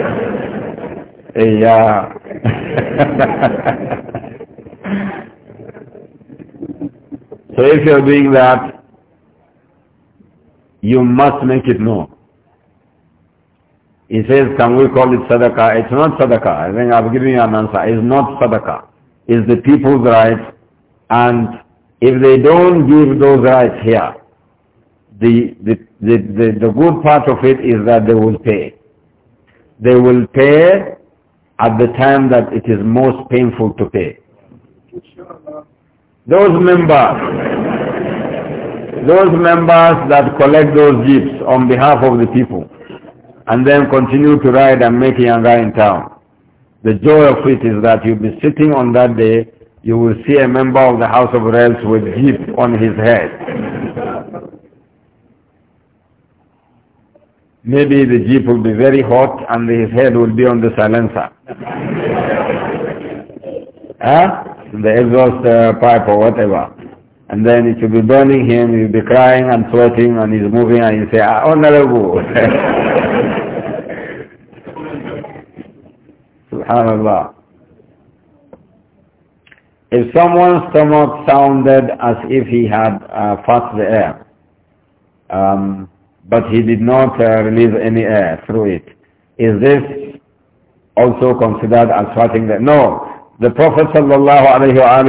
Eh, yeah. so if you're doing that, you must make it known. He says, can we call it sadaqah? It's not sadaqah. I think I've given you an answer. It's not sadaqah. It's the people's right. And if they don't give those rights here, the, the, the, the, the good part of it is that they will pay. They will pay at the time that it is most painful to pay. Those members those members that collect those jeeps on behalf of the people and then continue to ride and make yanga in town. The joy of it is that you'll be sitting on that day, you will see a member of the House of Reps with jeep on his head. Maybe the jeep will be very hot and his head will be on the silencer. huh? The exhaust uh, pipe or whatever. And then it will be burning him, he will be crying and sweating and he's moving and you say, ah, Honorable! Subhanallah. If someone's stomach sounded as if he had uh, fast the air, um, but he did not uh, release any air through it, is this also considered as fasting the air? No. The Prophet sallallahu alayhi wa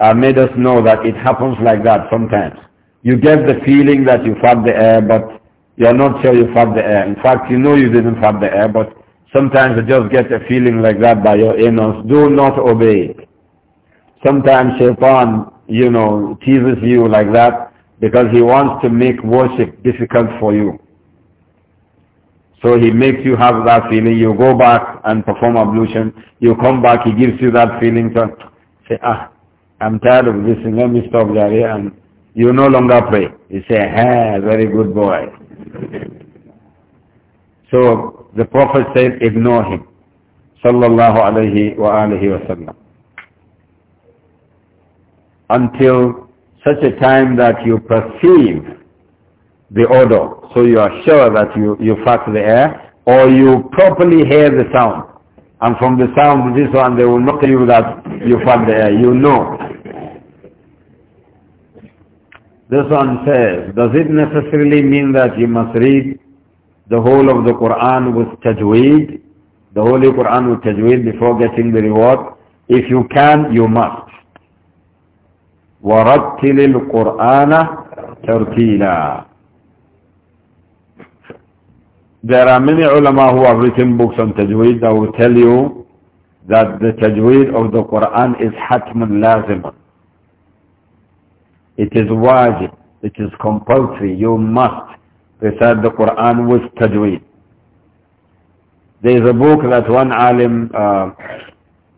uh, made us know that it happens like that sometimes. You get the feeling that you felt the air, but you're not sure you felt the air. In fact, you know you didn't fought the air, but sometimes you just get a feeling like that by your anus. Do not obey it. Sometimes Shaitan, you know, teases you like that because he wants to make worship difficult for you. So he makes you have that feeling. You go back and perform ablution. You come back, he gives you that feeling. So say, ah, I'm tired of this thing, let me stop there. and you no longer pray. You say, ha, very good boy. so the Prophet said, ignore him. Sallallahu alayhi wa wasallam. Until such a time that you perceive the odor, so you are sure that you, you fact the air, or you properly hear the sound. And from the sound, this one, they will not tell you that you felt the air. You know This one says, does it necessarily mean that you must read the whole of the Quran with tajweed, the Holy Quran with tajweed before getting the reward? If you can, you must. وَرَتِّلِ الْقُرْآنَ تَرْتِيلًا There are many ulama who have written books on tajweed that will tell you that the tajweed of the Quran is hatmun lazimun. It is wajib. It is compulsory. You must recite the Quran with tajweed. There is a book that one alim, uh,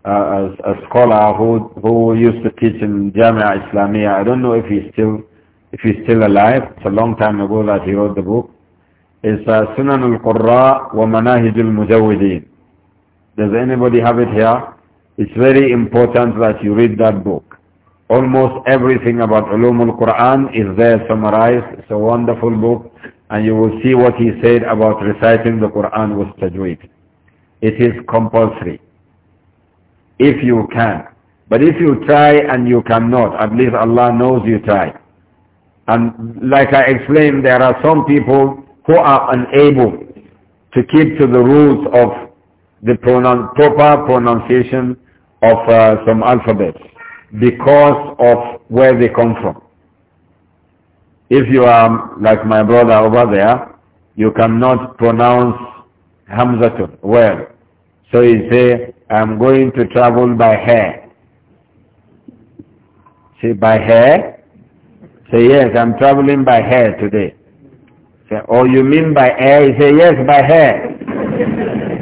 uh, a, a, scholar who who used to teach in Jamia Islamia. I don't know if he's still if he's still alive. It's a long time ago that he wrote the book. It's uh, Sunan al-Qurra wa Manahij al mujawidin Does anybody have it here? It's very important that you read that book. Almost everything about Ulum al-Quran is there summarized. It's a wonderful book. And you will see what he said about reciting the Quran with tajweed. It is compulsory. If you can. But if you try and you cannot, at least Allah knows you try. And like I explained, there are some people who are unable to keep to the rules of the pronoun proper pronunciation of uh, some alphabets because of where they come from. If you are like my brother over there, you cannot pronounce Hamzatun well. So you say, I'm going to travel by hair. Say, by hair? Say, yes, I'm traveling by hair today. Say, oh, you mean by air? He say, yes, by hair.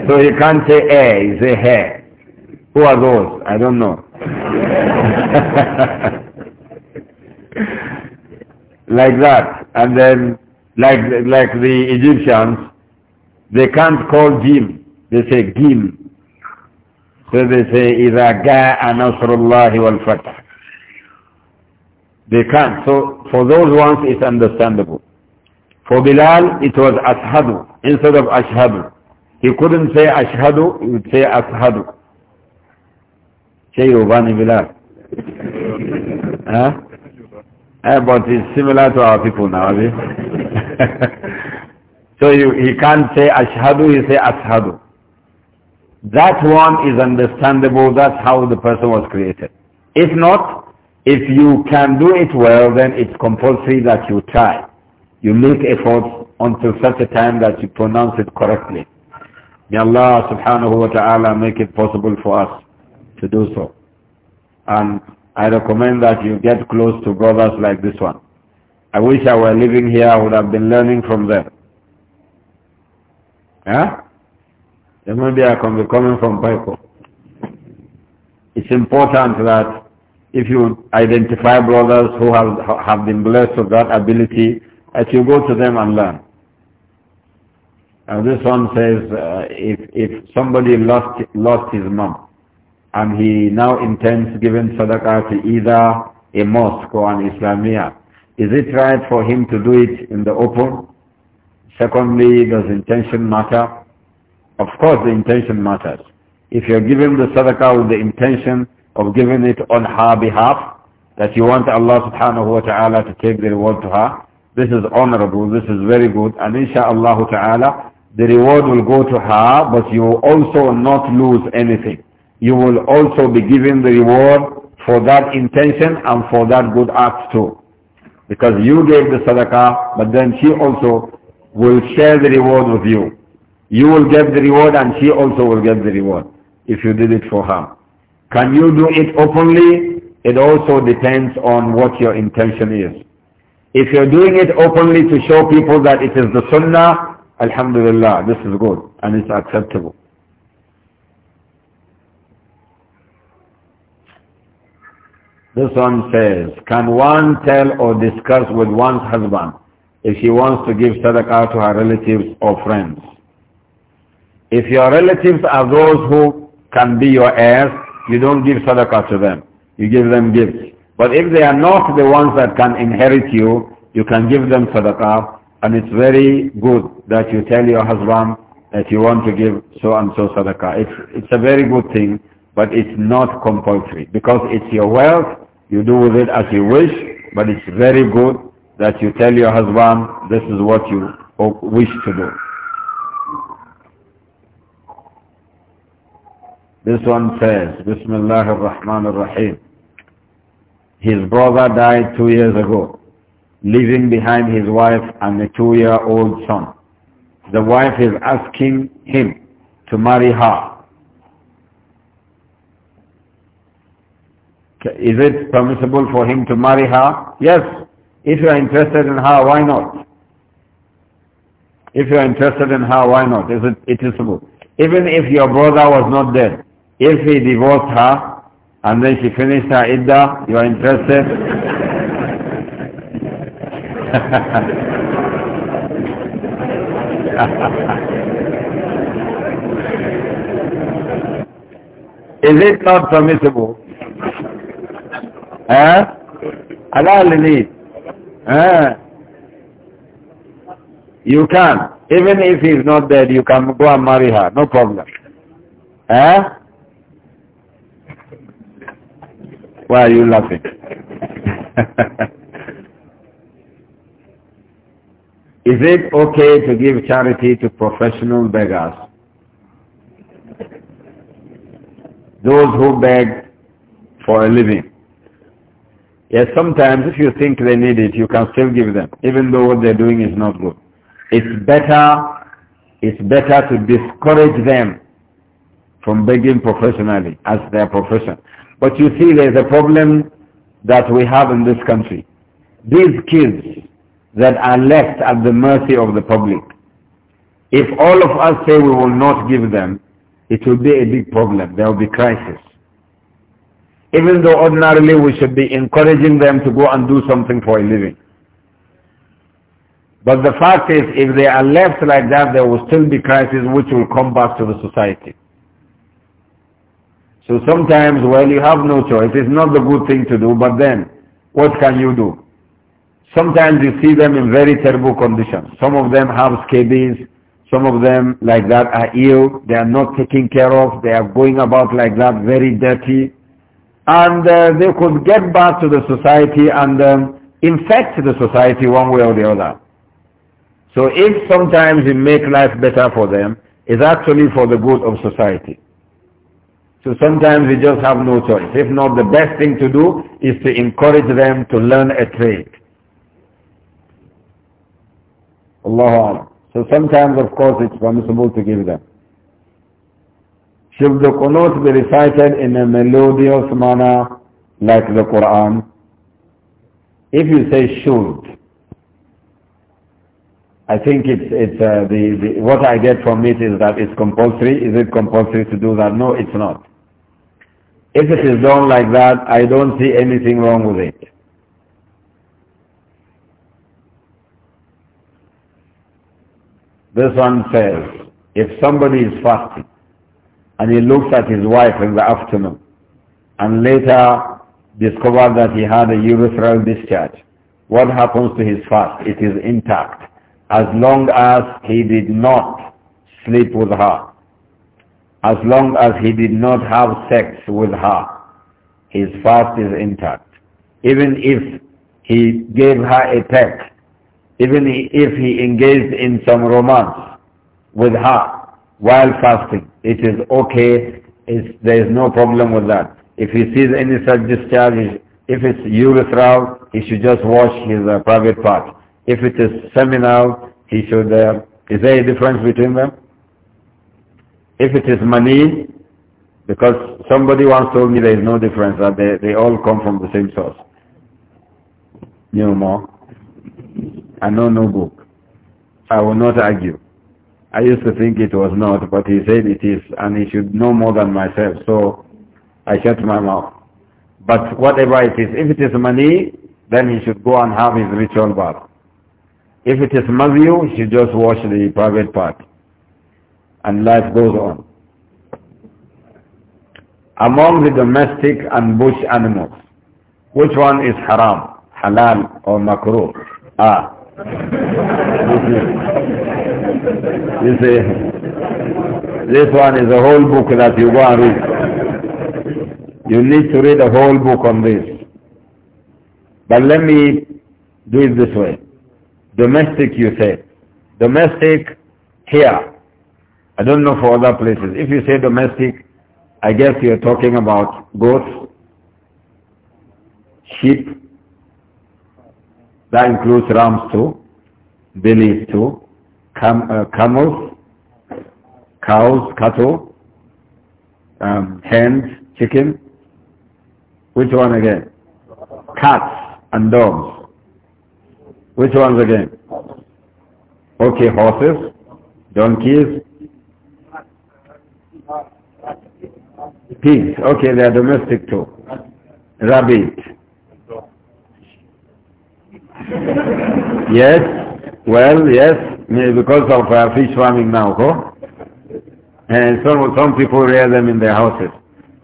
so you can't say air, He say hair. Who are those? I don't know. like that. And then, like, like the Egyptians, they can't call Jim. They say Gim. So they say, إِذَا جَاءَ نَصْرُ اللَّهِ وَالْفَتْحِ They can't. So for those ones, it's understandable. For Bilal, it was Ashadu instead of ashadu. He couldn't say ashadu. he would say Ashadu ṣé yorùbá ni bilal eh? Eh, but it's similar to our people now abi so you, he can't say ashadu. he say ashadu that one is understandable that's how the person was created if not if you can do it well then it's compulsory that you try you make efforts until such a time that you pronounce it correctly may allah subhanahu wa ta'ala make it possible for us to do so. And I recommend that you get close to brothers like this one. I wish I were living here, I would have been learning from them. Yeah, Then maybe I can be coming from Paiko. It's important that if you identify brothers who have, have been blessed with that ability, that you go to them and learn. And this one says, uh, if, if somebody lost, lost his mom, and he now intends giving sadaqah to either a mosque or an Islamia. Is it right for him to do it in the open? Secondly, does intention matter? Of course the intention matters. If you're giving the sadaqah with the intention of giving it on her behalf, that you want Allah subhanahu wa ta'ala to take the reward to her, this is honorable, this is very good, and insha'Allah ta'ala, the reward will go to her, but you will also not lose anything you will also be given the reward for that intention and for that good act too. Because you gave the sadaqah, but then she also will share the reward with you. You will get the reward and she also will get the reward if you did it for her. Can you do it openly? It also depends on what your intention is. If you're doing it openly to show people that it is the sunnah, alhamdulillah, this is good and it's acceptable. This one says, can one tell or discuss with one's husband if she wants to give sadaqah to her relatives or friends? If your relatives are those who can be your heirs, you don't give sadaqah to them. You give them gifts. But if they are not the ones that can inherit you, you can give them sadaqah. And it's very good that you tell your husband that you want to give so and so sadaqah. It's, it's a very good thing but it's not compulsory because it's your wealth you do with it as you wish, but it's very good that you tell your husband this is what you wish to do. This one says, Bismillah ar-Rahman ar-Rahim. His brother died two years ago, leaving behind his wife and a two-year-old son. The wife is asking him to marry her Is it permissible for him to marry her? Yes. If you are interested in her, why not? If you are interested in her, why not? Is it, it is possible. Even if your brother was not dead, if he divorced her and then she finished her idda, you are interested? Is it not permissible ها على the need you can even if he's not dead you can go and marry her no problem ها why are you laughing Is it okay to give charity to professional beggars? Those who beg for a living. Yes, sometimes if you think they need it, you can still give them, even though what they're doing is not good. It's better, it's better to discourage them from begging professionally as their profession. But you see, there's a problem that we have in this country. These kids that are left at the mercy of the public, if all of us say we will not give them, it will be a big problem. There will be crisis even though ordinarily we should be encouraging them to go and do something for a living. But the fact is, if they are left like that, there will still be crises which will come back to the society. So sometimes, well, you have no choice. It's not the good thing to do, but then, what can you do? Sometimes you see them in very terrible conditions. Some of them have scabies. Some of them, like that, are ill. They are not taken care of. They are going about like that, very dirty and uh, they could get back to the society and um, infect the society one way or the other. So if sometimes we make life better for them, it's actually for the good of society. So sometimes we just have no choice. If not, the best thing to do is to encourage them to learn a trade. Allahu So sometimes, of course, it's permissible to give them. Should the Qunut be recited in a melodious manner like the Quran? If you say should, I think it's, it's uh, the, the, what I get from it is that it's compulsory. Is it compulsory to do that? No, it's not. If it is done like that, I don't see anything wrong with it. This one says, if somebody is fasting, and he looks at his wife in the afternoon and later discovered that he had a urethral discharge. What happens to his fast? It is intact as long as he did not sleep with her, as long as he did not have sex with her, his fast is intact. Even if he gave her a peck, even if he engaged in some romance with her, while fasting. It is okay. It's, there is no problem with that. If he sees any such discharge, if it's urethral, he should just wash his uh, private part. If it is seminal, he should... Uh, is there a difference between them? If it is money, because somebody once told me there is no difference, that they, they all come from the same source. You know more. I know no book. I will not argue. I used to think it was not, but he said it is, and he should know more than myself, so I shut my mouth. But whatever it is, if it is money, then he should go and have his ritual bath. If it is maziu, he should just wash the private part. And life goes on. Among the domestic and bush animals, which one is haram, halal or makruh? Ah. You see, this one is a whole book that you go and read. You need to read a whole book on this. But let me do it this way. Domestic, you say. Domestic here. I don't know for other places. If you say domestic, I guess you're talking about goats, sheep, that includes rams too, billies too, cam uh, camels, cows, cattle, um, hens, chicken. Which one again? Cats and dogs. Which ones again? Okay, horses, donkeys, pigs. Okay, they are domestic too. Rabbit. yes, well, yes, because of uh, fish farming now, go. And some, some people rear them in their houses.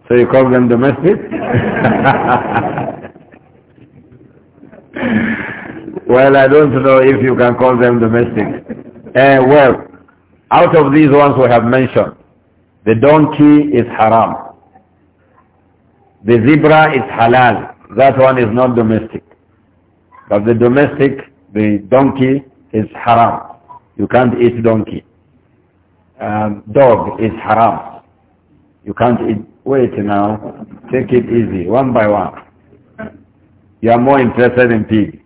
So you call them domestic? well, I don't know if you can call them domestic. Uh, well, out of these ones we have mentioned, the donkey is haram. The zebra is halal. That one is not domestic. But the domestic, the donkey, is haram. You can't eat donkey. Um, dog is haram. You can't eat. Wait now. Take it easy, one by one. You are more interested in pig.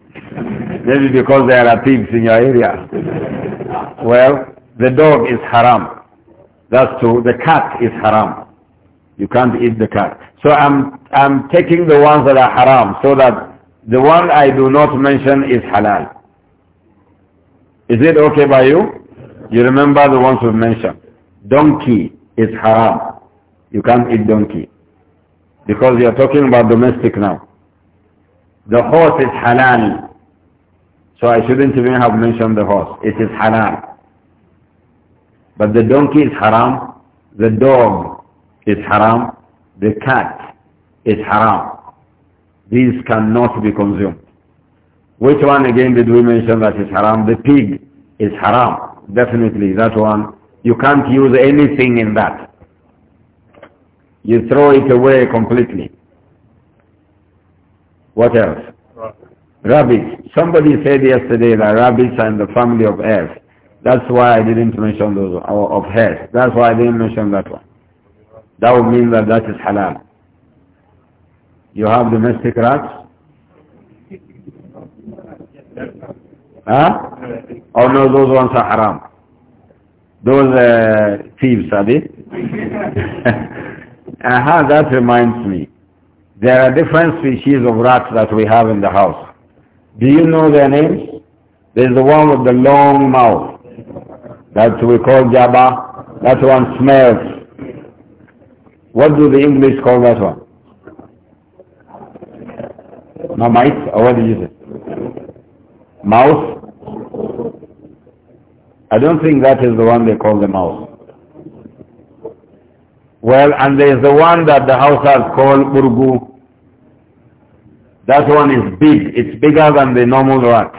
Maybe because there are pigs in your area. Well, the dog is haram. That's true. The cat is haram. You can't eat the cat. So I'm, I'm taking the ones that are haram so that the one I do not mention is halal. Is it okay by you? You remember the ones we mentioned. Donkey is haram. You can't eat donkey. Because you're talking about domestic now. The horse is halal. So I shouldn't even have mentioned the horse. It is halal. But the donkey is haram. The dog is haram. The cat is haram. These cannot be consumed. Which one again did we mention that is haram? The pig is haram. Definitely that one. You can't use anything in that. You throw it away completely. What else? Rabbits. Somebody said yesterday that rabbits are in the family of heirs. That's why I didn't mention those uh, of hairs. That's why I didn't mention that one. That would mean that that is halal. You have domestic rats, Huh? Oh no, those ones are haram. Those uh, thieves, are they? Aha, uh-huh, that reminds me. There are different species of rats that we have in the house. Do you know their names? There's the one with the long mouth that we call jabba. That one smells. What do the English call that one? Mice, Or what did you say? Mouse? I don't think that is the one they call the mouse. Well, and there is the one that the Hausas call Burgu. That one is big. It's bigger than the normal rat.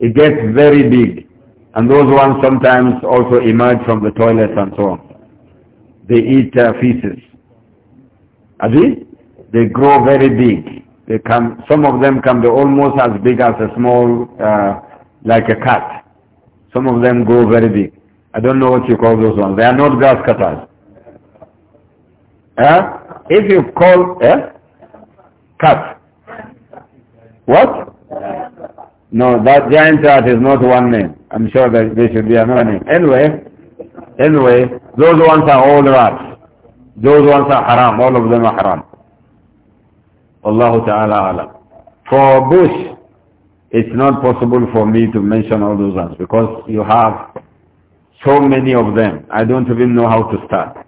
It gets very big. And those ones sometimes also emerge from the toilets and so on. They eat uh, feces. Adi? They grow very big. They come, some of them can be almost as big as a small, uh, like a cat. Some of them go very big. I don't know what you call those ones. They are not grass cutters. Eh? If you call, eh? Cut. What? No, that giant rat is not one name. I'm sure that there should be another name. Anyway, anyway, those ones are all rats. Those ones are haram. All of them are haram. Allah Ta'ala Allāh. For bush, it's not possible for me to mention all those ones because you have so many of them. I don't even know how to start.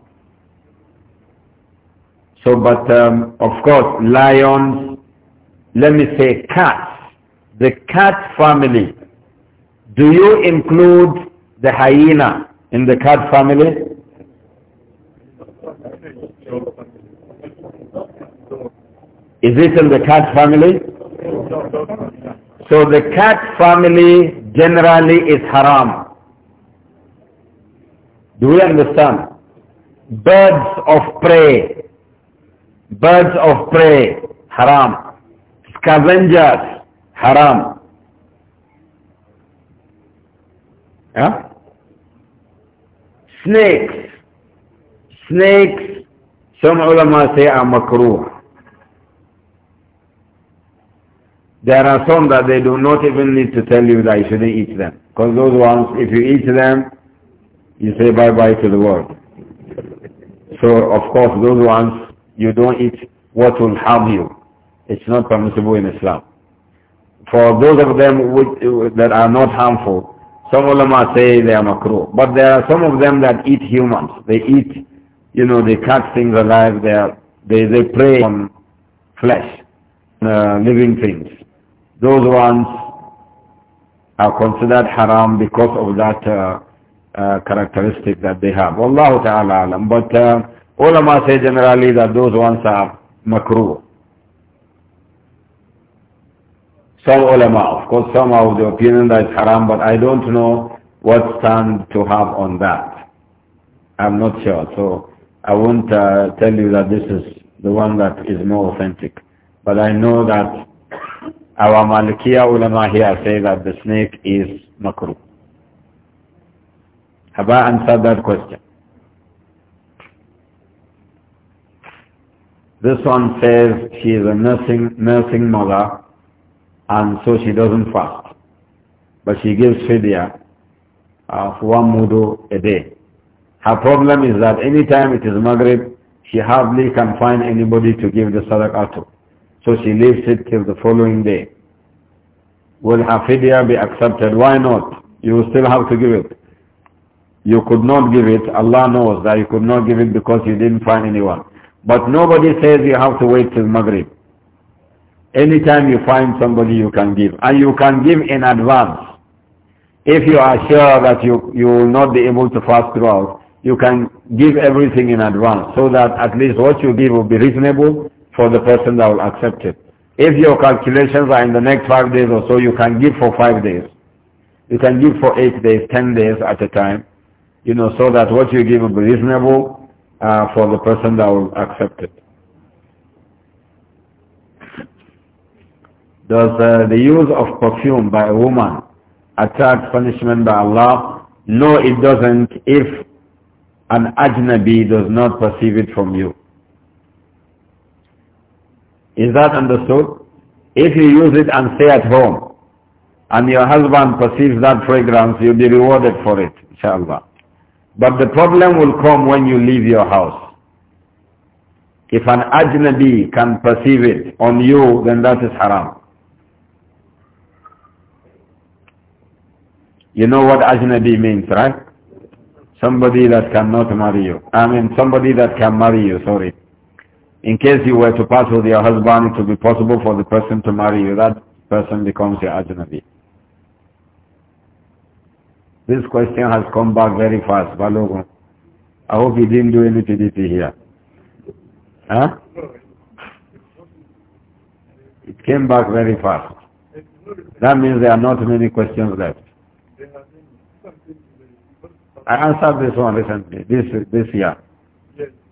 So, but um, of course, lions, let me say cats, the cat family. Do you include the hyena in the cat family? Is it in the cat family? So the cat family generally is haram. Do we understand? Birds of prey. Birds of prey. Haram. Scavengers. Haram. Yeah? Snakes. Snakes, some ulama say are makruh. There are some that they do not even need to tell you that you shouldn't eat them. Because those ones, if you eat them, you say bye-bye to the world. So, of course, those ones, you don't eat what will harm you. It's not permissible in Islam. For those of them which, that are not harmful, some ulama say they are makruh. But there are some of them that eat humans. They eat, you know, they cut things alive. They, are, they, they prey on flesh, uh, living things. Those ones are considered haram because of that uh, uh, characteristic that they have. Wallahu ta'ala alam. But uh, ulama say generally that those ones are makruh. Some ulama, of course, some have of the opinion that it's haram, but I don't know what stand to have on that. I'm not sure. So I won't uh, tell you that this is the one that is more authentic. But I know that our Malikiya ulama here say that the snake is makruh. Have I answered that question? This one says she is a nursing, nursing mother and so she doesn't fast. But she gives fidya of one mudu a day. Her problem is that anytime it is Maghrib, she hardly can find anybody to give the sadaqah to. So she leaves it till the following day. Will her fidya be accepted? Why not? You still have to give it. You could not give it. Allah knows that you could not give it because you didn't find anyone. But nobody says you have to wait till Maghrib. Anytime you find somebody you can give. And you can give in advance. If you are sure that you, you will not be able to fast throughout, you can give everything in advance so that at least what you give will be reasonable for the person that will accept it. If your calculations are in the next five days or so, you can give for five days. You can give for eight days, ten days at a time, you know, so that what you give will be reasonable uh, for the person that will accept it. Does uh, the use of perfume by a woman attract punishment by Allah? No, it doesn't if an ajnabi does not perceive it from you. Is that understood? If you use it and stay at home, and your husband perceives that fragrance, you'll be rewarded for it, inshallah. But the problem will come when you leave your house. If an ajnabi can perceive it on you, then that is haram. You know what ajnabi means, right? Somebody that cannot marry you. I mean, somebody that can marry you, sorry. In case you were to pass with your husband, it would be possible for the person to marry you. That person becomes your ajnabi. This question has come back very fast, Balogun. I hope you didn't do any PDP here. Huh? It came back very fast. That means there are not many questions left. I answered this one recently, this this year.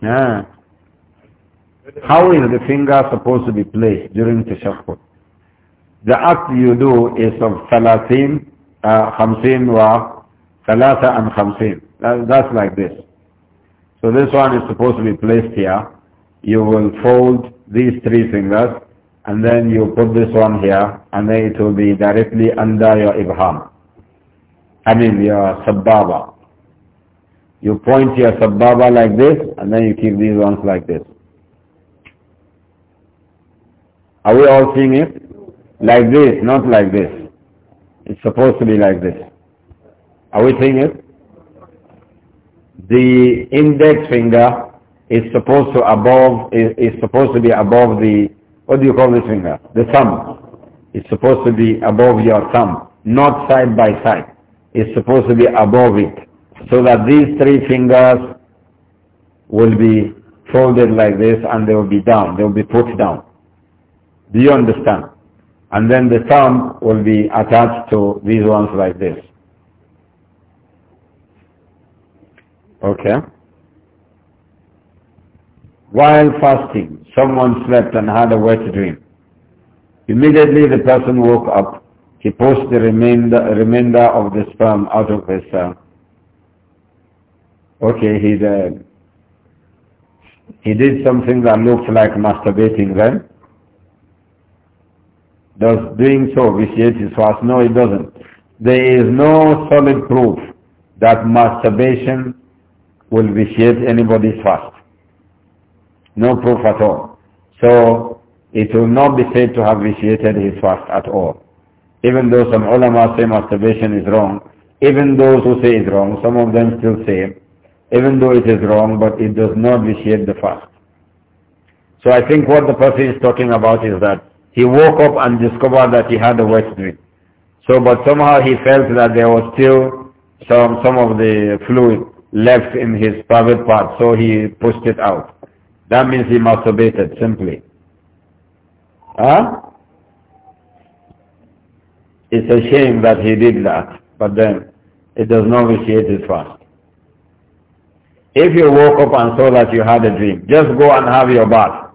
Yeah. How is the finger supposed to be placed during tashaqqud? The act you do is of salatin, uh, khamsin wa salata and khamsin. That, that's like this. So this one is supposed to be placed here. You will fold these three fingers and then you put this one here and then it will be directly under your ibham. I mean your sababa. You point your sababa like this and then you keep these ones like this. Are we all seeing it? Like this, not like this. It's supposed to be like this. Are we seeing it? The index finger is supposed to above is, is supposed to be above the what do you call this finger? The thumb. It's supposed to be above your thumb, not side by side. It's supposed to be above it, so that these three fingers will be folded like this and they will be down. They will be put down. Do you understand? And then the thumb will be attached to these ones like this. Okay. While fasting, someone slept and had a wet dream. Immediately the person woke up. He pushed the remainder, remainder of the sperm out of his... Uh, okay, he, uh, he did something that looked like masturbating then. Does doing so vitiate his fast? No, it doesn't. There is no solid proof that masturbation will vitiate anybody's fast. No proof at all. So it will not be said to have vitiated his fast at all. Even though some ulama say masturbation is wrong, even those who say it's wrong, some of them still say, even though it is wrong, but it does not vitiate the fast. So I think what the person is talking about is that he woke up and discovered that he had a wet dream. So, but somehow he felt that there was still some, some of the fluid left in his private part, so he pushed it out. That means he masturbated, simply. Huh? It's a shame that he did that, but then it does not vitiate his fast. If you woke up and saw that you had a dream, just go and have your bath.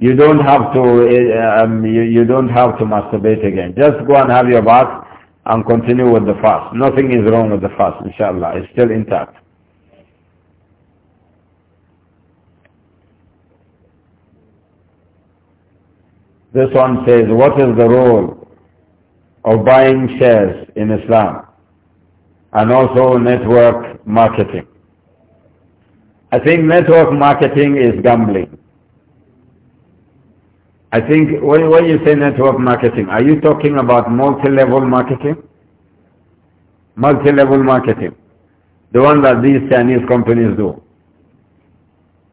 You don't have to, uh, um, you, you don't have to masturbate again. Just go and have your bath and continue with the fast. Nothing is wrong with the fast, inshallah. It's still intact. This one says, what is the role of buying shares in Islam and also network marketing? I think network marketing is gambling. I think when, when you say network marketing, are you talking about multi-level marketing? Multi-level marketing. The one that these Chinese companies do.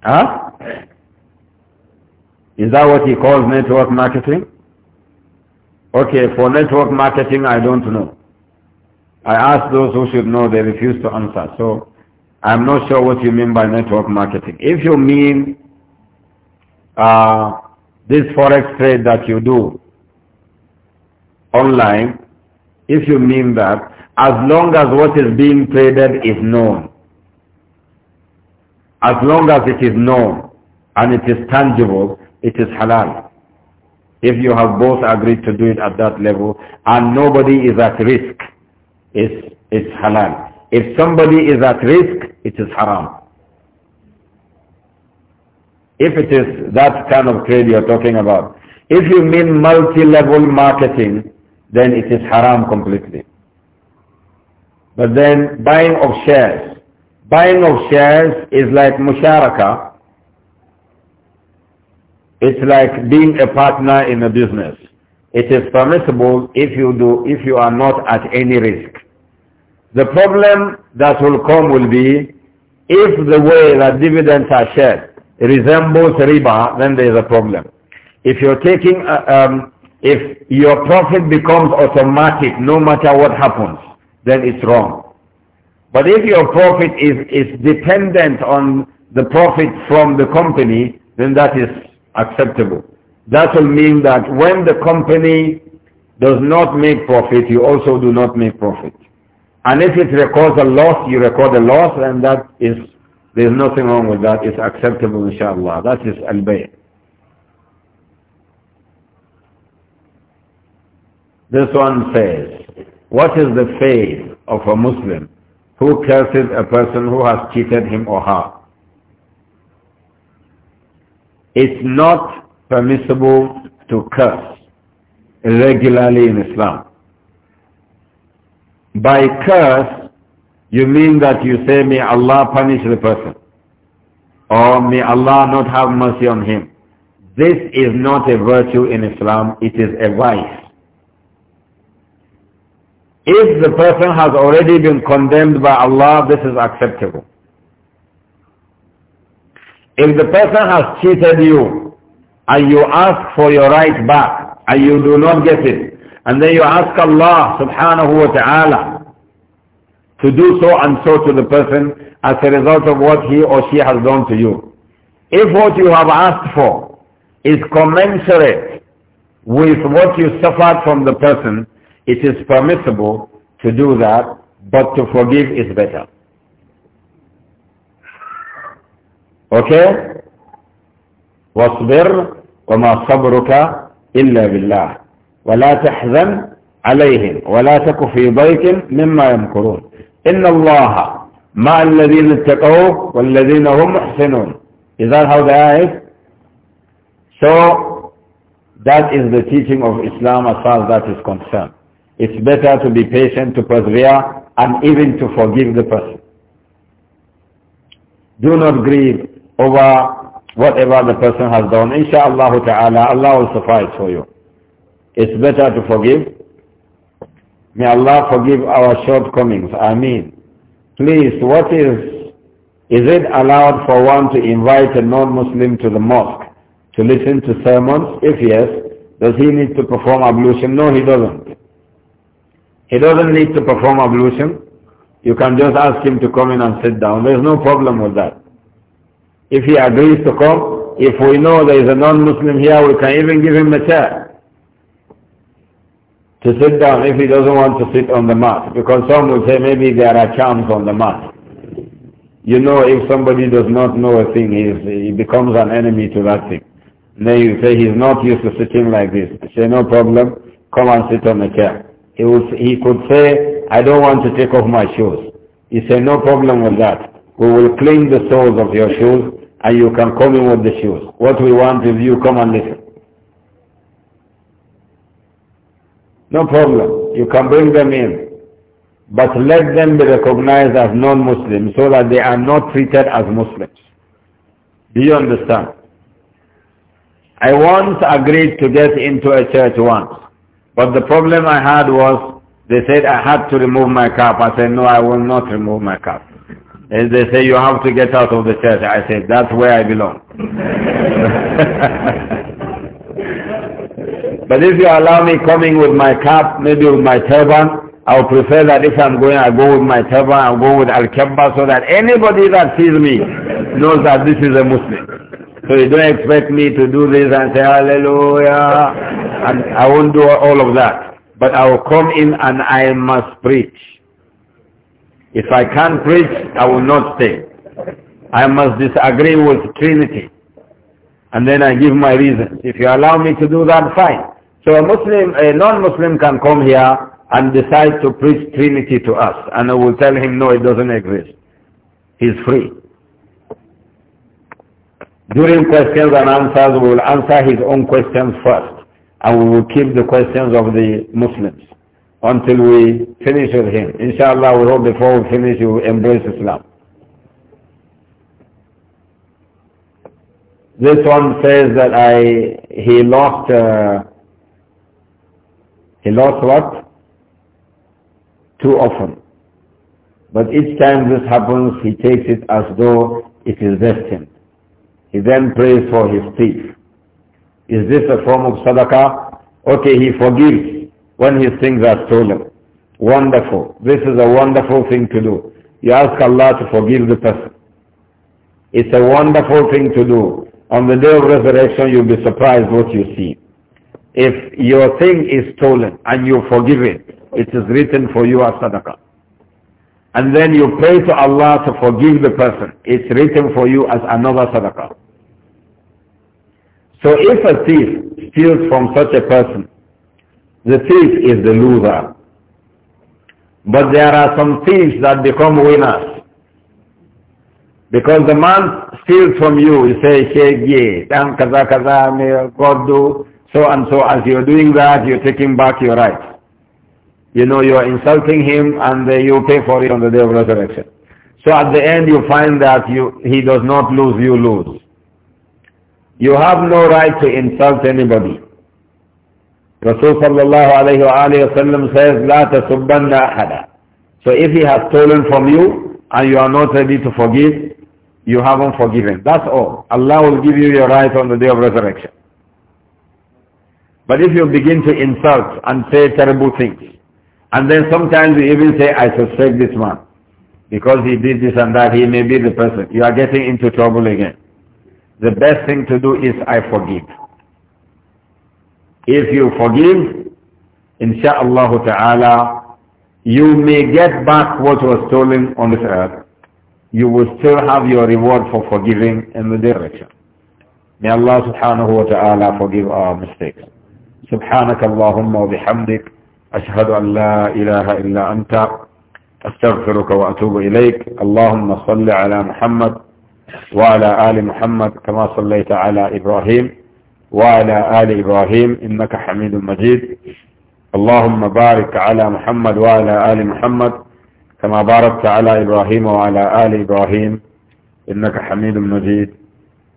Huh? Is that what he calls network marketing? Okay, for network marketing, I don't know. I asked those who should know, they refused to answer. So, I'm not sure what you mean by network marketing. If you mean uh, this forex trade that you do online, if you mean that, as long as what is being traded is known, as long as it is known and it is tangible, it is halal. If you have both agreed to do it at that level and nobody is at risk, it's, it's halal. If somebody is at risk, it is haram. If it is that kind of trade you're talking about. If you mean multi-level marketing, then it is haram completely. But then buying of shares. Buying of shares is like musharaka. It's like being a partner in a business. It is permissible if you do, if you are not at any risk. The problem that will come will be if the way that dividends are shared resembles riba, then there is a problem. If you're taking, uh, um, if your profit becomes automatic no matter what happens, then it's wrong. But if your profit is, is dependent on the profit from the company, then that is acceptable. That will mean that when the company does not make profit, you also do not make profit. And if it records a loss, you record a loss, and that is there is nothing wrong with that. It's acceptable, inshallah. That is al-bay'. This one says, what is the faith of a Muslim who curses a person who has cheated him or her? It's not permissible to curse regularly in Islam. By curse, you mean that you say, may Allah punish the person. Or may Allah not have mercy on him. This is not a virtue in Islam, it is a vice. If the person has already been condemned by Allah, this is acceptable. If the person has cheated you, and you ask for your right back, and you do not get it, and then you ask Allah subhanahu wa ta'ala to do so and so to the person as a result of what he or she has done to you. If what you have asked for is commensurate with what you suffered from the person, it is permissible to do that, but to forgive is better. Okay? واصبر وما صبرك إلا بالله ولا تحزن عليهم ولا تك في ضيق مما يمكرون إن الله مع الذين اتقوا والذين هم محسنون Is that how the ayah is? So, that is the teaching of Islam as far as that is concerned. It's better to be patient, to persevere, and even to forgive the person. Do not grieve over whatever the person has done. Insha'Allah ta'ala, Allah will suffice for you. It's better to forgive May Allah forgive our shortcomings. Ameen. Please, what is, is it allowed for one to invite a non-Muslim to the mosque to listen to sermons? If yes, does he need to perform ablution? No, he doesn't. He doesn't need to perform ablution. You can just ask him to come in and sit down. There's no problem with that. If he agrees to come, if we know there is a non-Muslim here, we can even give him a chair to sit down if he doesn't want to sit on the mat. Because some will say maybe there are charms on the mat. You know if somebody does not know a thing, he, he becomes an enemy to that thing. And then you say he's not used to sitting like this. I say no problem, come and sit on the chair. He, will, he could say, I don't want to take off my shoes. He say no problem with that. We will clean the soles of your shoes and you can come in with the shoes. What we want is you come and listen. No problem. You can bring them in. But let them be recognized as non-Muslims so that they are not treated as Muslims. Do you understand? I once agreed to get into a church once. But the problem I had was they said I had to remove my cap. I said, no, I will not remove my cap. And they say, you have to get out of the church. I said, that's where I belong. But if you allow me coming with my cap, maybe with my turban, I would prefer that if I'm going, I go with my turban, I go with al-kabba so that anybody that sees me knows that this is a Muslim. So you don't expect me to do this and say hallelujah. And I won't do all of that. But I will come in and I must preach. If I can't preach, I will not stay. I must disagree with Trinity. And then I give my reasons. If you allow me to do that, fine. So a Muslim, a non-Muslim can come here and decide to preach Trinity to us and I will tell him no, it doesn't exist. He's free. During questions and answers, we will answer his own questions first and we will keep the questions of the Muslims until we finish with him. Inshallah, we hope before we finish, you embrace Islam. This one says that I he lost uh, he lost what? Too often. But each time this happens, he takes it as though it is destined. He then prays for his thief. Is this a form of sadaqah? Okay, he forgives when his things are stolen. Wonderful. This is a wonderful thing to do. You ask Allah to forgive the person. It's a wonderful thing to do. On the day of resurrection, you'll be surprised what you see. If your thing is stolen and you forgive it, it is written for you as sadaqah. And then you pray to Allah to forgive the person. It's written for you as another sadaqah. So if a thief steals from such a person, the thief is the loser. But there are some thieves that become winners. Because the man steals from you, you say, Sheikh, yeah, damn kaza kaza, may God do, so and so, as you're doing that, you're taking back your right. You know, you're insulting him and you pay for it on the day of resurrection. So at the end you find that you, he does not lose, you lose. You have no right to insult anybody. Rasul sallallahu alayhi wa alayhi wa sallam says, لا تسبن أحدا. So if he has stolen from you and you are not ready to forgive, you haven't forgiven. That's all. Allah will give you your right on the day of resurrection. But if you begin to insult and say terrible things, and then sometimes you even say, I suspect this man, because he did this and that, he may be the person, you are getting into trouble again. The best thing to do is, I forgive. If you forgive, insha'Allah ta'ala, you may get back what was stolen on this earth. You will still have your reward for forgiving in the direction. May Allah subhanahu wa ta'ala forgive our mistakes. سبحانك اللهم وبحمدك أشهد أن لا إله إلا أنت أستغفرك وأتوب إليك اللهم صل على محمد وعلى آل محمد كما صليت على إبراهيم وعلى آل إبراهيم إنك حميد مجيد اللهم بارك على محمد وعلى آل محمد كما باركت على إبراهيم وعلى آل إبراهيم إنك حميد مجيد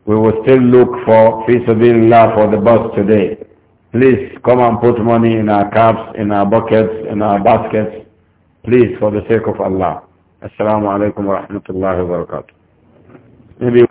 We will still look for في سبيل الله for the bus today Please come and put money in our cups, in our buckets, in our baskets. Please, for the sake of Allah. Assalamu alaikum wa rahmatullahi wa barakatuh. Maybe